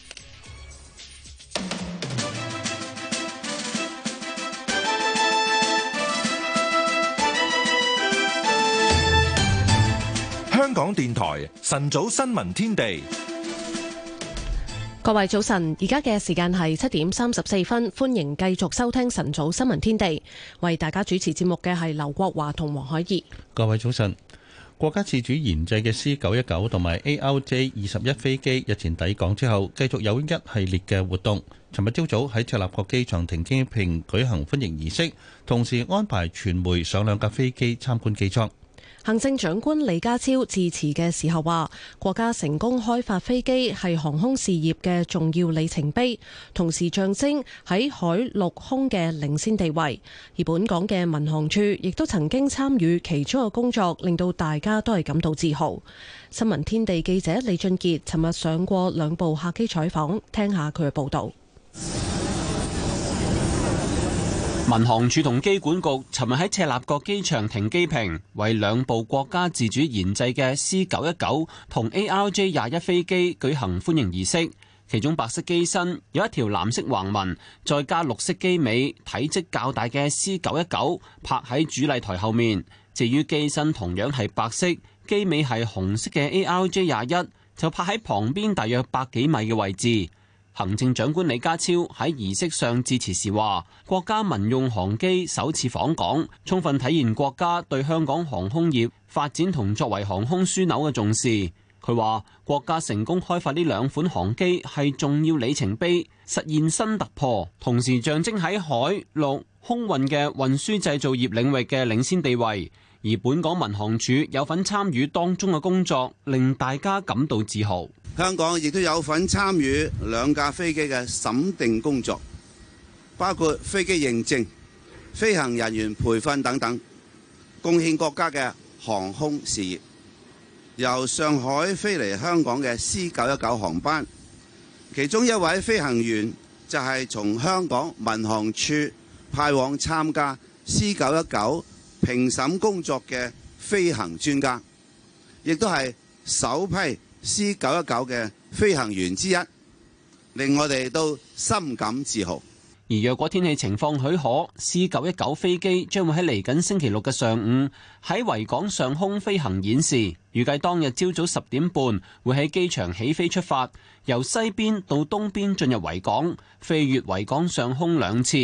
香港電台晨早新聞天地。各位早晨，而家嘅時間係七點三十四分，歡迎繼續收聽晨早新聞天地。為大家主持節目嘅係劉國華同黃海怡。各位早晨，國家自主研製嘅 C 九一九同埋 ARJ 二十一飛機日前抵港之後，繼續有一系列嘅活動。尋日朝早喺赤鱲角機場停機坪舉行歡迎儀式，同時安排傳媒上兩架飛機參觀機艙。行政長官李家超致辭嘅時候話，國家成功開發飛機係航空事業嘅重要里程碑，同時象徵喺海陸空嘅領先地位。而本港嘅民航處亦都曾經參與其中嘅工作，令到大家都係感到自豪。新聞天地記者李俊杰尋日上過兩部客機採訪，聽下佢嘅報道。民航處同機管局尋日喺赤鱲角機場停機坪為兩部國家自主研製嘅 C 九一九同 ARJ 廿一飛機舉行歡迎儀式，其中白色機身有一條藍色橫紋，再加綠色機尾，體積較大嘅 C 九一九泊喺主禮台後面；至於機身同樣係白色、機尾係紅色嘅 ARJ 廿一就泊喺旁邊大約百幾米嘅位置。行政長官李家超喺儀式上致辭時話：國家民用航機首次訪港，充分體現國家對香港航空業發展同作為航空樞紐嘅重視。佢話：國家成功開發呢兩款航機係重要里程碑，實現新突破，同時象徵喺海陸空運嘅運輸製造業領域嘅領先地位。而本港民航處有份參與當中嘅工作，令大家感到自豪。香港亦都有份參與兩架飛機嘅審定工作，包括飛機認證、飛行人員培訓等等，貢獻國家嘅航空事業。由上海飛嚟香港嘅 C 九一九航班，其中一位飛行員就係從香港民航處派往參加 C 九一九評審工作嘅飛行專家，亦都係首批 C919 嘅飛行員之一，令我哋都深感自豪。而若果天氣情況許可，C919 飛機將會喺嚟緊星期六嘅上午喺維港上空飛行演示，預計當日朝早十點半會喺機場起飛出發，由西邊到東邊進入維港，飛越維港上空兩次。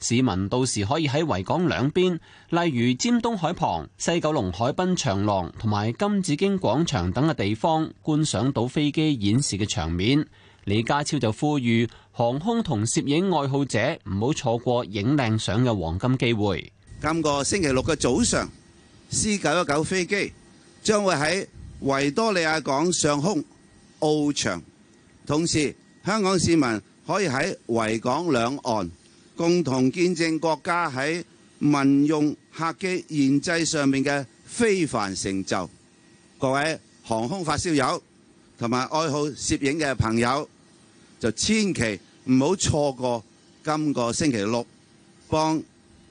市民到時可以喺維港兩邊，例如尖東海旁、西九龍海濱長廊同埋金紫荊廣場等嘅地方觀賞到飛機演示嘅場面。李家超就呼籲航空同攝影愛好者唔好錯過影靚相嘅黃金機會。今個星期六嘅早上，C919 飛機將會喺維多利亞港上空翱翔，同時香港市民可以喺維港兩岸，共同見證國家喺民用客機研製上面嘅非凡成就。各位航空發燒友同埋愛好攝影嘅朋友，就千祈唔好錯過今個星期六，幫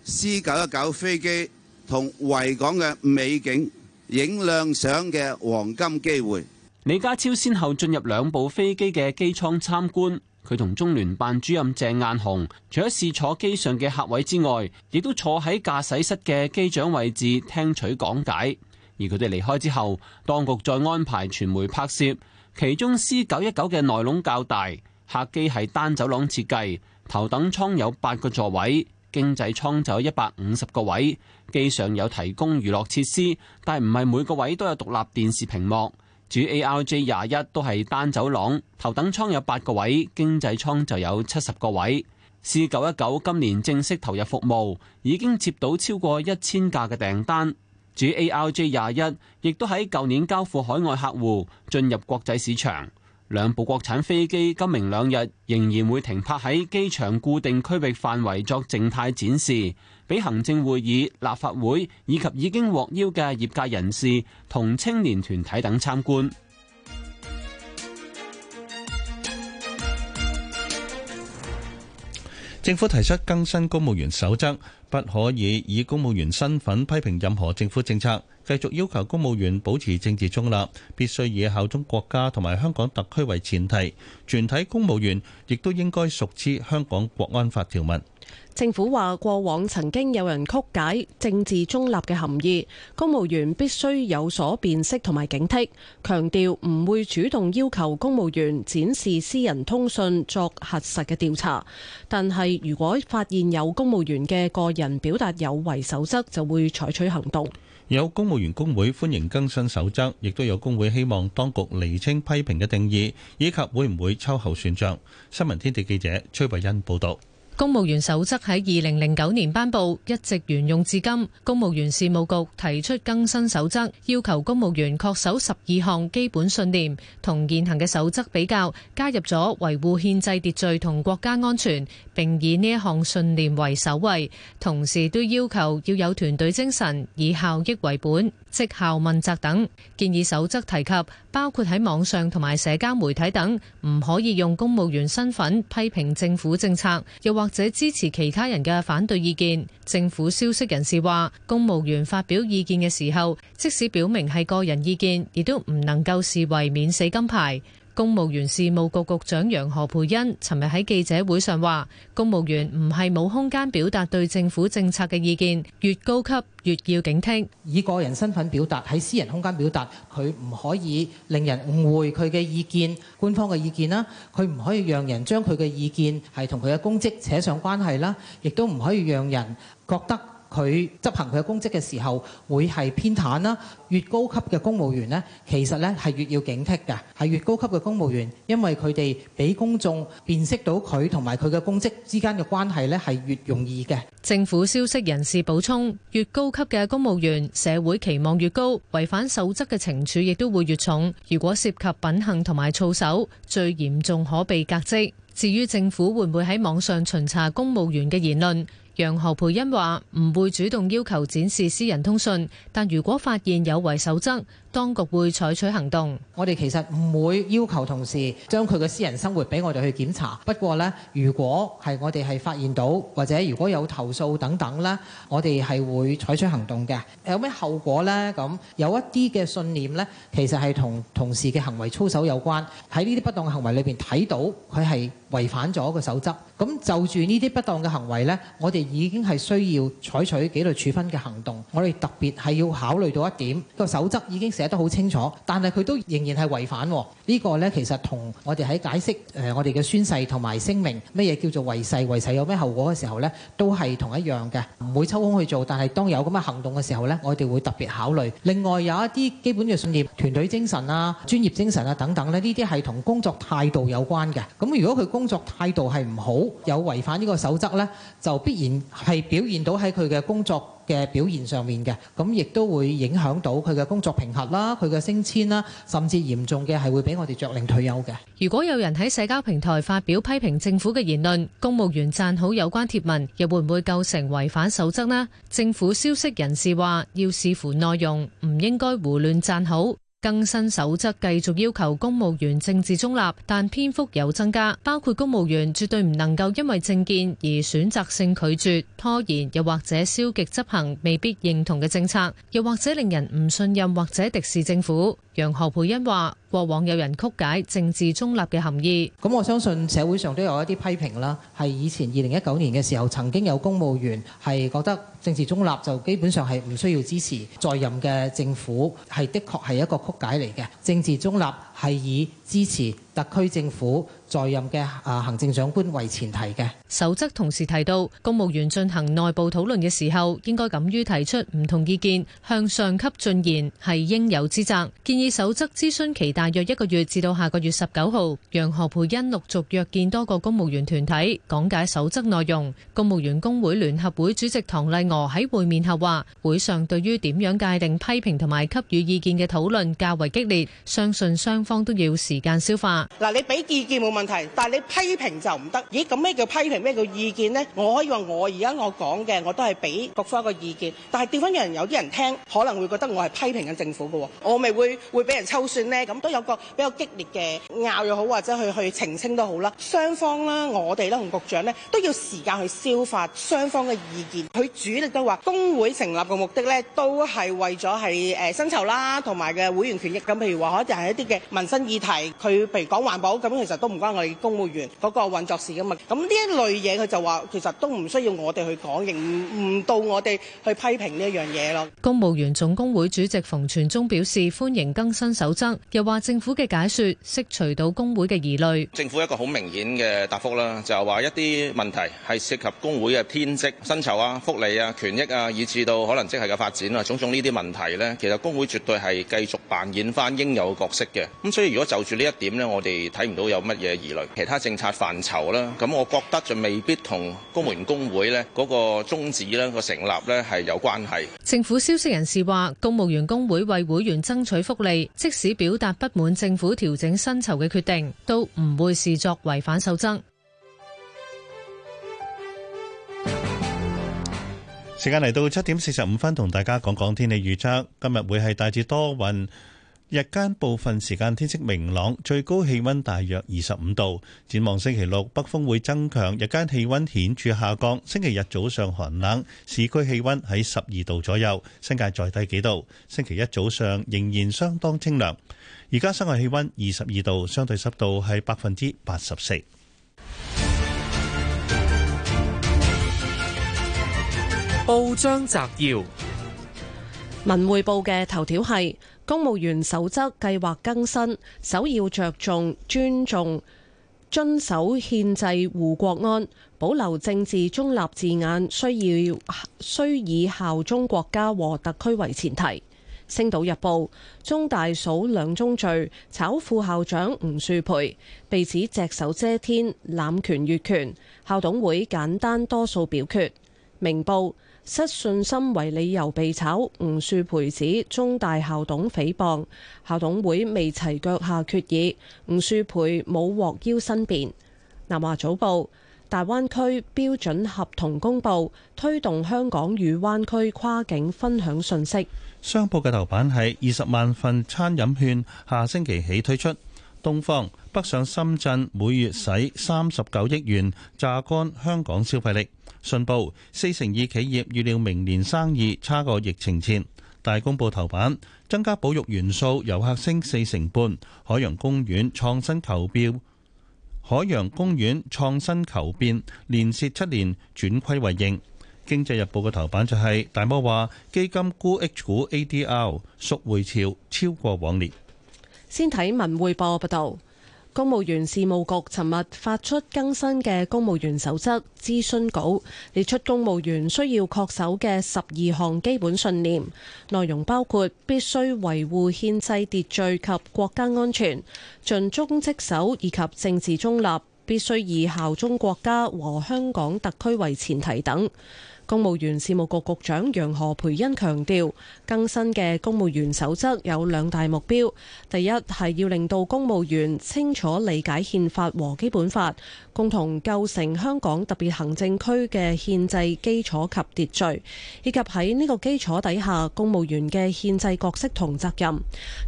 C 九一九飛機同維港嘅美景影靚相嘅黃金機會。李家超先後進入兩部飛機嘅機艙參觀。佢同中聯辦主任鄭雁雄除咗試坐機上嘅客位之外，亦都坐喺駕駛室嘅機長位置聽取講解。而佢哋離開之後，當局再安排傳媒拍攝。其中 C 九一九嘅內籠較大，客機係單走廊設計，頭等艙有八個座位，經濟艙就有一百五十個位。機上有提供娛樂設施，但唔係每個位都有獨立電視屏幕。主 ARJ 廿一都係單走廊，頭等艙有八個位，經濟艙就有七十個位。C 九一九今年正式投入服務，已經接到超過一千架嘅訂單。主 ARJ 廿一亦都喺舊年交付海外客戶，進入國際市場。兩部國產飛機今明兩日仍然會停泊喺機場固定區域範圍作靜態展示。俾行政會議、立法會以及已經獲邀嘅業界人士同青年團體等參觀。政府提出更新公務員守則，不可以以公務員身份批評任何政府政策。繼續要求公務員保持政治中立，必須以效忠國家同埋香港特區為前提。全體公務員亦都應該熟知香港國安法條文。政府話：過往曾經有人曲解政治中立嘅含義，公務員必須有所辨識同埋警惕，強調唔會主動要求公務員展示私人通訊作核實嘅調查。但係如果發現有公務員嘅個人表達有違守則，就會採取行動。有公務員工會歡迎更新守則，亦都有工會希望當局釐清批評嘅定義，以及會唔會秋後算賬。新聞天地記者崔慧欣報道。公務員守則喺二零零九年頒布，一直沿用至今。公務員事務局提出更新守則，要求公務員確守十二項基本信念，同現行嘅守則比較，加入咗維護憲制秩序同國家安全，並以呢一項信念為首位。同時都要求要有團隊精神，以效益為本。績效問責等建議守則提及，包括喺網上同埋社交媒體等，唔可以用公務員身份批評政府政策，又或者支持其他人嘅反對意見。政府消息人士話，公務員發表意見嘅時候，即使表明係個人意見，亦都唔能夠視為免死金牌。公務員事務局局長楊何蓓茵尋日喺記者會上話，公務員唔係冇空間表達對政府政策嘅意見，越高級越要警惕。以個人身份表達，喺私人空間表達，佢唔可以令人誤會佢嘅意見、官方嘅意見啦。佢唔可以讓人將佢嘅意見係同佢嘅公職扯上關係啦，亦都唔可以讓人覺得。佢執行佢嘅公職嘅時候，會係偏袒啦。越高級嘅公務員呢，其實呢係越要警惕嘅。係越高級嘅公務員，因為佢哋俾公眾辨識到佢同埋佢嘅公職之間嘅關係呢，係越容易嘅。政府消息人士補充，越高級嘅公務員，社會期望越高，違反守則嘅懲處亦都會越重。如果涉及品行同埋操守，最嚴重可被革職。至於政府會唔會喺網上巡查公務員嘅言論？楊何培恩話：唔會主動要求展示私人通訊，但如果發現有違守則。當局會採取行動。我哋其實唔會要求同事將佢嘅私人生活俾我哋去檢查。不過呢，如果係我哋係發現到，或者如果有投訴等等咧，我哋係會採取行動嘅。有咩後果呢？咁有一啲嘅信念呢，其實係同同事嘅行為操守有關。喺呢啲不當嘅行為裏邊睇到佢係違反咗個守則。咁就住呢啲不當嘅行為呢，我哋已經係需要採取紀律處分嘅行動。我哋特別係要考慮到一點，這個守則已經。寫得好清楚，但係佢都仍然係違反呢個呢，其實同我哋喺解釋誒我哋嘅宣誓同埋聲明，乜嘢叫做違誓？違誓有咩後果嘅時候呢，都係同一樣嘅，唔會抽空去做。但係當有咁嘅行動嘅時候呢，我哋會特別考慮。另外有一啲基本嘅信念、團隊精神啊、專業精神啊等等呢，呢啲係同工作態度有關嘅。咁如果佢工作態度係唔好，有違反呢個守則呢，就必然係表現到喺佢嘅工作。嘅表現上面嘅，咁亦都會影響到佢嘅工作評核啦，佢嘅升遷啦，甚至嚴重嘅係會俾我哋着令退休嘅。如果有人喺社交平台發表批評政府嘅言論，公務員讚好有關貼文，又會唔會構成違反守則呢？政府消息人士話：要視乎內容，唔應該胡亂讚好。更新守則，繼續要求公務員政治中立，但篇幅有增加，包括公務員絕對唔能夠因為政見而選擇性拒絕、拖延，又或者消極執行未必認同嘅政策，又或者令人唔信任或者敵視政府。楊何培恩話。過往有人曲解政治中立嘅含義，咁我相信社會上都有一啲批評啦，係以前二零一九年嘅時候曾經有公務員係覺得政治中立就基本上係唔需要支持在任嘅政府，係的確係一個曲解嚟嘅政治中立。係以支持特區政府在任嘅行政長官為前提嘅，守則同時提到公務員進行內部討論嘅時候應該敢於提出唔同意見，向上級進言，係應有之責。建議守則諮詢期大約一個月，至到下個月十九號。楊何蓓茵，陸續約見多個公務員團體講解守則內容。公務員工會聯合會主席唐麗娥，喺會面後話會上對於點樣界定批評同埋給予意見嘅討論較為激烈，相信雙方都要時間消化。嗱，你俾意見冇問題，但係你批評就唔得。咦，咁咩叫批評，咩叫意見呢？我可以話我而家我講嘅我都係俾局方一個意見，但係掉翻入人有啲人聽，可能會覺得我係批評緊政府嘅，我咪會會俾人抽秤呢？咁都有個比較激烈嘅拗又好，或者去去澄清都好啦。雙方啦，我哋啦同局長呢，都要時間去消化雙方嘅意見。佢主力都話工會成立嘅目的呢，都係為咗係誒薪酬啦，同埋嘅會員權益咁。譬如話可能就係一啲嘅。民生議題，佢譬如講環保咁，其實都唔關我哋公務員嗰個運作事噶嘛。咁呢一類嘢，佢就話其實都唔需要我哋去講，亦唔到我哋去批評呢一樣嘢咯。公務員總工會主席馮傳宗表示歡迎更新守則，又話政府嘅解説，釋除到工會嘅疑慮。政府一個好明顯嘅答覆啦，就係話一啲問題係涉及工會嘅天職、薪酬啊、福利啊、權益啊，以至到可能職系嘅發展啊，種種呢啲問題呢，其實工會絕對係繼續扮演翻應有嘅角色嘅。咁所以如果就住呢一點呢，我哋睇唔到有乜嘢疑慮。其他政策範疇呢，咁我覺得就未必同公務員工會呢嗰個宗旨呢個成立呢係有關係。政府消息人士話，公務員工會為會員爭取福利，即使表達不滿政府調整薪酬嘅決定，都唔會視作違反守則。時間嚟到七點四十五分，同大家講講天氣預測。今日會係大致多雲。日間部分時間天色明朗，最高氣溫大約二十五度。展望星期六，北風會增強，日間氣溫顯著下降。星期日早上寒冷，市區氣溫喺十二度左右，新界再低幾度。星期一早上仍然相當清涼。而家室外氣溫二十二度，相對濕度係百分之八十四。報章摘要：文匯報嘅頭條係。公務員守則計劃更新，首要着重尊重、遵守憲制、護國安、保留政治中立字眼，需要需以效忠國家和特區為前提。星島日報，中大數兩宗罪，炒副校長吳樹培被指隻手遮天、攬權越權，校董會簡單多數表決。明報。失信心為理由被炒，吳樹培指中大校董誹謗，校董會未齊腳下決議，吳樹培冇獲邀申辯。南華早報，大灣區標準合同公佈，推動香港與灣區跨境分享信息。商報嘅頭版係二十萬份餐飲券，下星期起推出。東方北上深圳，每月使三十九億元榨乾香港消費力。信報四成二企業預料明年生意差過疫情前。大公報頭版增加保育元素，遊客升四成半。海洋公園創新求變，海洋公園創新求變，連蝕七年轉虧為盈。經濟日報嘅頭版就係大摩話基金沽 H 股 ADR 贖回潮，超過往年。先睇文匯報報道。公務員事務局尋日發出更新嘅公務員守則諮詢稿，列出公務員需要確守嘅十二項基本信念，內容包括必須維護憲制秩序及國家安全、盡忠職守以及政治中立，必須以效忠國家和香港特區為前提等。公務員事務局局長楊何蓓茵強調，更新嘅公務員守則有兩大目標：第一係要令到公務員清楚理解憲法和基本法，共同構成香港特別行政區嘅憲制基礎及秩序，以及喺呢個基礎底下公務員嘅憲制角色同責任；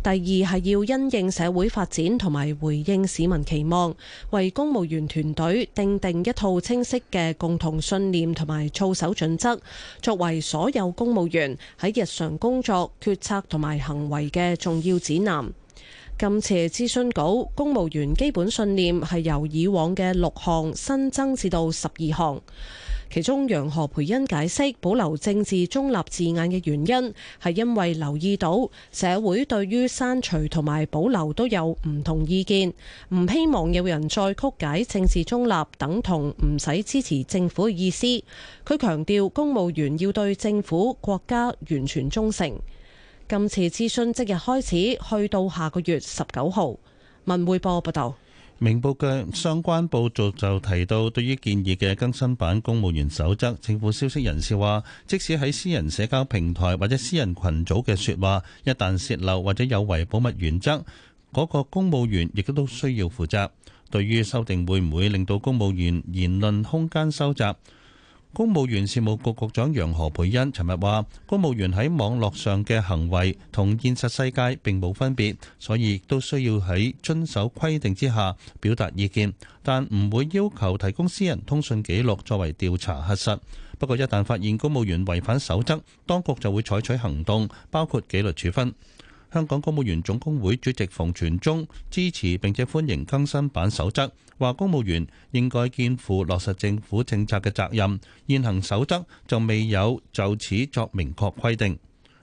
第二係要因應社會發展同埋回應市民期望，為公務員團隊訂定一套清晰嘅共同信念同埋操守準。則作為所有公務員喺日常工作、決策同埋行為嘅重要指南。今次諮詢稿「公務員基本信念」係由以往嘅六項新增至到十二項。其中，楊何培恩解釋保留政治中立字眼嘅原因，係因為留意到社會對於刪除同埋保留都有唔同意見，唔希望有人再曲解政治中立等同唔使支持政府嘅意思。佢強調公務員要對政府國家完全忠誠，今次諮詢即日開始，去到下個月十九號。文匯波報道。明報嘅相關報道就提到，對於建議嘅更新版公務員守則，政府消息人士話，即使喺私人社交平台或者私人群組嘅説話，一旦洩漏或者有違保密原則，嗰個公務員亦都需要負責。對於修訂會唔會令到公務員言論空間收窄？公務員事務局局長楊何蓓茵尋日話，公務員喺網絡上嘅行為同現實世界並冇分別，所以亦都需要喺遵守規定之下表達意見，但唔會要求提供私人通訊記錄作為調查核實。不過一旦發現公務員違反守則，當局就會採取行動，包括紀律處分。香港公務員總工會主席馮傳宗支持並且歡迎更新版守則，話公務員應該肩負落實政府政策嘅責任，現行守則就未有就此作明確規定。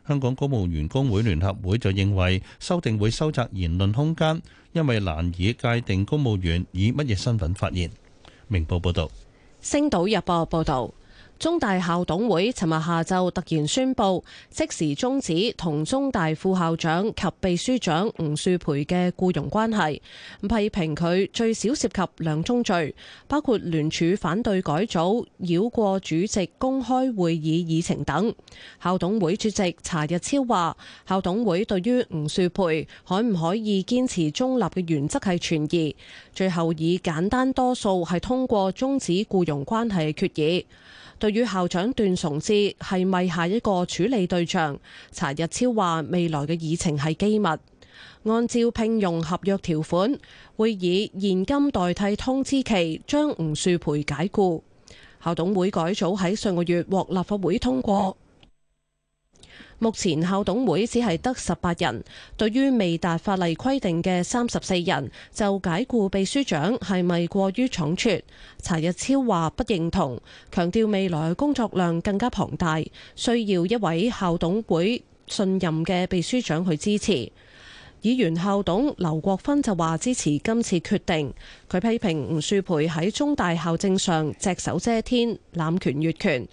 香港公務員工會聯合會就認為修訂會收窄言論空間，因為難以界定公務員以乜嘢身份發言。明報報道，星島日報報道。中大校董會尋日下晝突然宣布，即時終止同中大副校長及秘書長吳樹培嘅僱傭關係，批評佢最少涉及兩宗罪，包括聯署反對改組、繞過主席公開會議議程等。校董會主席查日超話：校董會對於吳樹培可唔可以堅持中立嘅原則係存疑，最後以簡單多數係通過終止僱傭關係決議。對於校長段崇智係咪下一個處理對象？查日超話未來嘅議程係機密。按照聘用合約條款，會以現金代替通知期，將吳樹培解僱。校董會改組喺上個月獲立法會通過。目前校董會只係得十八人，對於未達法例規定嘅三十四人，就解雇秘書長係咪過於倉促？查日超話不認同，強調未來工作量更加龐大，需要一位校董會信任嘅秘書長去支持。議員校董劉國芬就話支持今次決定，佢批評吳樹培喺中大校政上隻手遮天，攬權越權。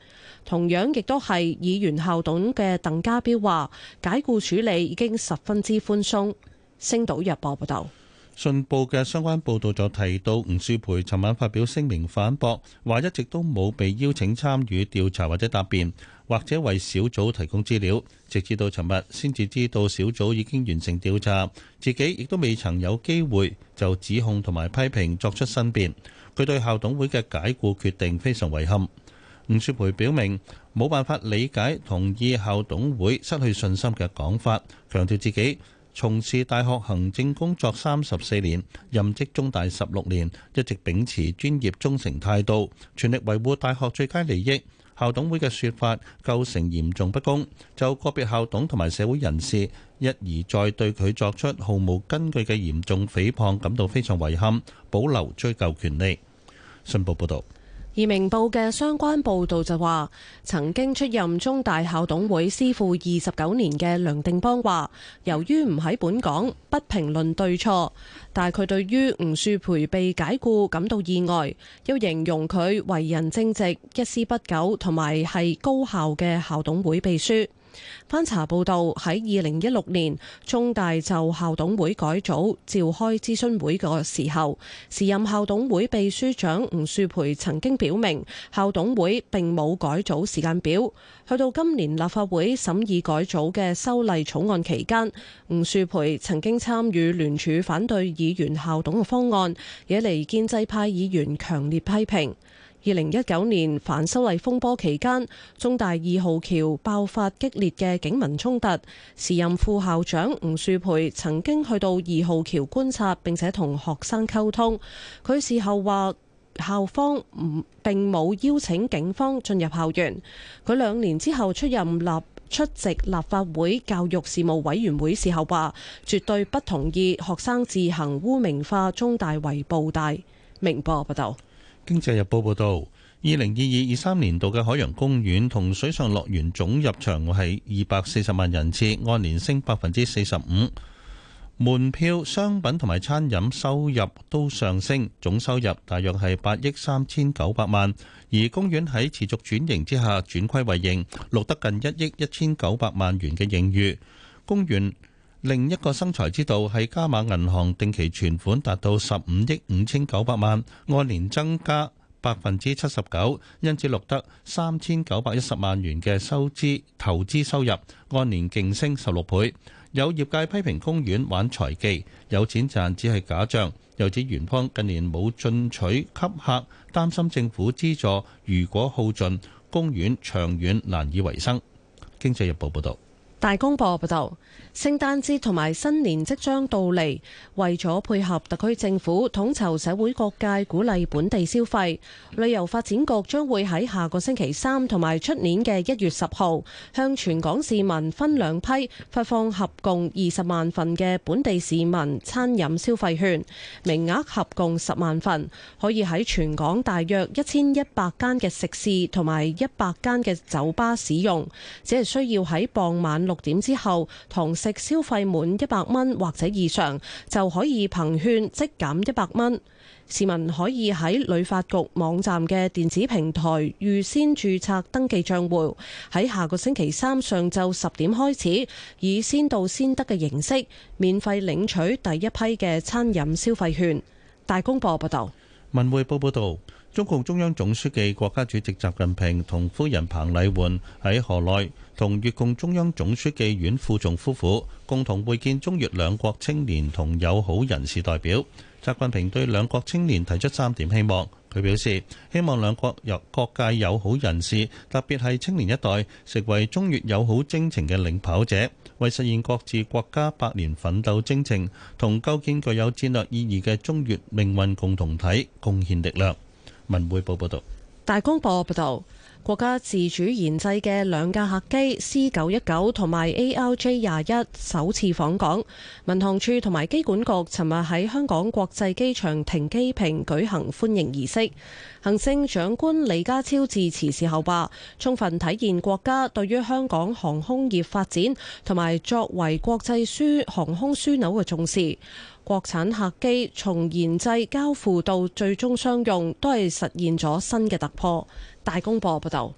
同樣亦都係議員校董嘅鄧家彪話解雇處理已經十分之寬鬆。星島日報報道，信報嘅相關報導就提到，吳樹培尋晚發表聲明反駁，話一直都冇被邀請參與調查或者答辯，或者為小組提供資料，直至到尋日先至知道小組已經完成調查，自己亦都未曾有機會就指控同埋批評作出申辯。佢對校董會嘅解雇決定非常遺憾。吳雪培表明冇辦法理解同意校董會失去信心嘅講法，強調自己從事大學行政工作三十四年，任職中大十六年，一直秉持專業忠誠態度，全力維護大學最佳利益。校董會嘅說法構成嚴重不公，就個別校董同埋社會人士一而再對佢作出毫無根據嘅嚴重誹謗，感到非常遺憾，保留追究權利。信報報道。而《明報》嘅相關報導就話，曾經出任中大校董會師傅二十九年嘅梁定邦話，由於唔喺本港，不評論對錯，但佢對於吳樹培被解雇感到意外，又形容佢為人正直、一絲不苟，同埋係高校嘅校董會秘書。翻查報道，喺二零一六年，中大就校董會改組召開諮詢會嘅時候，時任校董會秘書長吳樹培曾經表明，校董會並冇改組時間表。去到今年立法會審議改組嘅修例草案期間，吳樹培曾經參與聯署反對議員校董嘅方案，惹嚟建制派議員強烈批評。二零一九年反修例風波期間，中大二號橋爆發激烈嘅警民衝突。時任副校長吳樹培曾經去到二號橋觀察並，並且同學生溝通。佢事後話，校方唔並冇邀請警方進入校園。佢兩年之後出任立出席立法會教育事務委員會時候，事後話絕對不同意學生自行污名化中大為暴大。明報報道。經濟日報報道，二零二二二三年度嘅海洋公園同水上樂園總入場係二百四十萬人次，按年升百分之四十五。門票、商品同埋餐飲收入都上升，總收入大約係八億三千九百萬。而公園喺持續轉型之下轉，轉虧為盈，錄得近一億一千九百萬元嘅盈餘。公園另一個生財之道係加碼銀行定期存款達到十五億五千九百萬，按年增加百分之七十九，因此錄得三千九百一十萬元嘅收支投資收入，按年勁升十六倍。有業界批評公園玩財技，有錢賺只係假象。又指園方近年冇進取吸客，擔心政府資助如果耗盡，公園長遠難以維生。經濟日報報導。大公報啊，報道，聖誕節同埋新年即將到嚟，為咗配合特區政府統籌社會各界鼓勵本地消費，旅遊發展局將會喺下個星期三同埋出年嘅一月十號，向全港市民分兩批發放合共二十萬份嘅本地市民餐飲消費券，名額合共十萬份，可以喺全港大約一千一百間嘅食肆同埋一百間嘅酒吧使用，只係需要喺傍晚六。六點之後，堂食消費滿一百蚊或者以上就可以憑券即減一百蚊。市民可以喺旅發局網站嘅電子平台預先注冊登記賬戶，喺下個星期三上晝十點開始，以先到先得嘅形式免費領取第一批嘅餐飲消費券。大公報報道，文匯報報道。中共中央總書記、國家主席習近平同夫人彭麗媛喺河內同越共中央總書記阮富仲夫婦共同會見中越兩國青年同友好人士代表。習近平對兩國青年提出三點希望。佢表示，希望兩國有各界友好人士，特別係青年一代，成為中越友好征程嘅領跑者，為實現各自國家百年奮鬥征程同構建具有戰略意義嘅中越命運共同體貢獻力量。文匯報報道，大公報報道，國家自主研製嘅兩架客機 C 九一九同埋 ARJ 廿一首次訪港。民航處同埋機管局尋日喺香港國際機場停機坪舉行歡迎儀式。行政長官李家超致辭時候話，充分體現國家對於香港航空業發展同埋作為國際樞航空樞紐嘅重視。國產客機從研製交付到最終商用都係實現咗新嘅突破。大公報報道，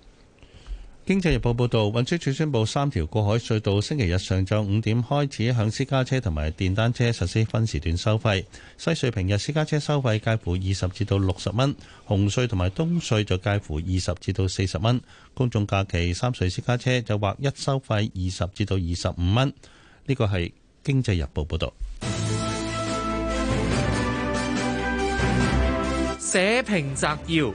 經濟日報報道，運輸署宣布三條過海隧道星期日上晝五點開始向私家車同埋電單車實施分時段收費。西隧平日私家車收費介乎二十至到六十蚊，紅隧同埋東隧就介乎二十至到四十蚊。公眾假期三隧私家車就劃一收費二十至到二十五蚊。呢個係經濟日報報道。社評摘要，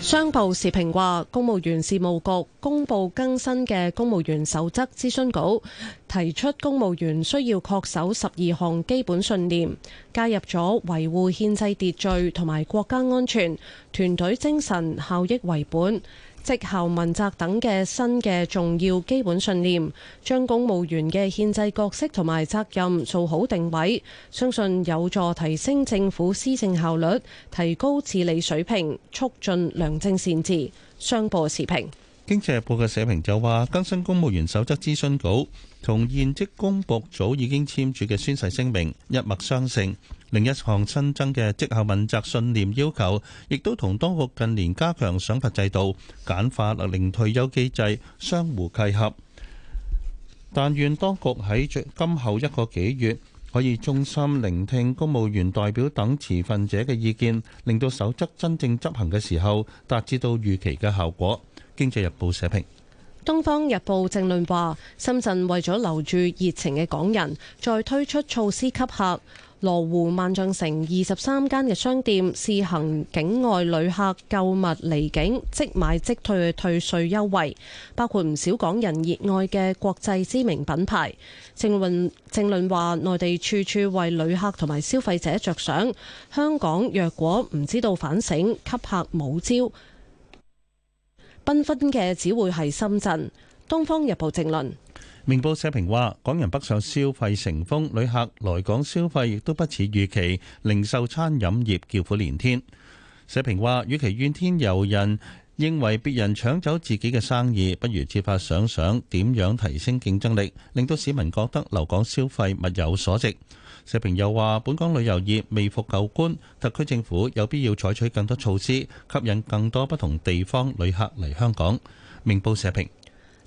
商報時評話，公務員事務局公布更新嘅公務員守則，諮詢稿，提出公務員需要恪守十二項基本信念，加入咗維護憲制秩序同埋國家安全、團隊精神、效益為本。職績效問責等嘅新嘅重要基本信念，將公務員嘅憲制角色同埋責任做好定位，相信有助提升政府施政效率，提高治理水平，促進良政善治。商報時評，經濟日報嘅社評就話：更新公務員守則諮詢稿。同現職公僕早已經簽署嘅宣誓聲明一脈相承，另一項新增嘅績效問責信念要求，亦都同當局近年加強賞罰制度，簡化勒令退休機制，相互契合。但願當局喺今後一個幾月，可以衷心聆聽公務員代表等持份者嘅意見，令到守則真正執行嘅時候，達至到預期嘅效果，經濟日報社評。《東方日報》正論話：深圳為咗留住熱情嘅港人，再推出措施吸客。羅湖萬象城二十三間嘅商店試行境外旅客購物離境即買即退退稅優惠，包括唔少港人熱愛嘅國際知名品牌。正論正論話：內地處處為旅客同埋消費者着想，香港若果唔知道反省，吸客冇招。紛紛嘅只會係深圳。東方日報正論。明報社評話，港人北上消費成風，旅客來港消費亦都不似預期，零售餐飲業叫苦連天。社評話，與其怨天尤人，認為別人搶走自己嘅生意，不如設法想想點樣提升競爭力，令到市民覺得留港消費物有所值。社評又話：本港旅遊業未復舊觀，特區政府有必要採取更多措施，吸引更多不同地方旅客嚟香港。明報社評，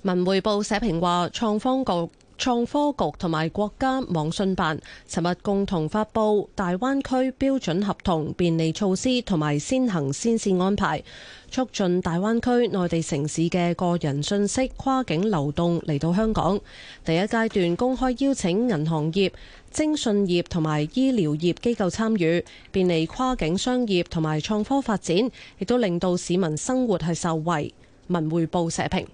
文匯報社評話，創方局。創科局同埋國家網信辦尋日共同發佈大灣區標準合同便利措施同埋先行先試安排，促進大灣區內地城市嘅個人信息跨境流動嚟到香港。第一階段公開邀請銀行業、徵信業同埋醫療業機構參與，便利跨境商業同埋創科發展，亦都令到市民生活係受惠。文匯報社評。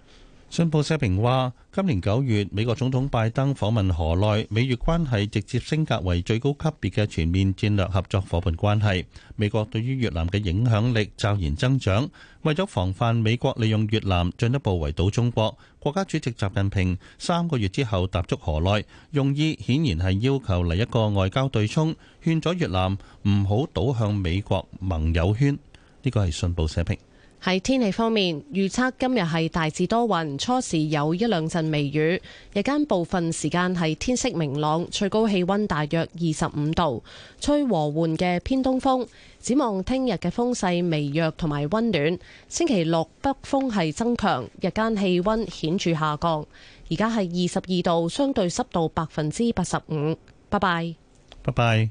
信報社評話：今年九月，美國總統拜登訪問河內，美越關係直接升格為最高級別嘅全面戰略合作伙伴關係。美國對於越南嘅影響力驟然增長。為咗防範美國利用越南進一步圍堵中國，國家主席習近平三個月之後踏足河內，用意顯然係要求嚟一個外交對沖，勸阻越南唔好倒向美國盟友圈。呢個係信報社評。喺天氣方面，預測今日係大致多雲，初時有一兩陣微雨，日間部分時間係天色明朗，最高氣溫大約二十五度，吹和緩嘅偏東風。展望聽日嘅風勢微弱同埋溫暖，星期六北風係增強，日間氣溫顯著下降，而家係二十二度，相對濕度百分之八十五。拜拜，拜拜。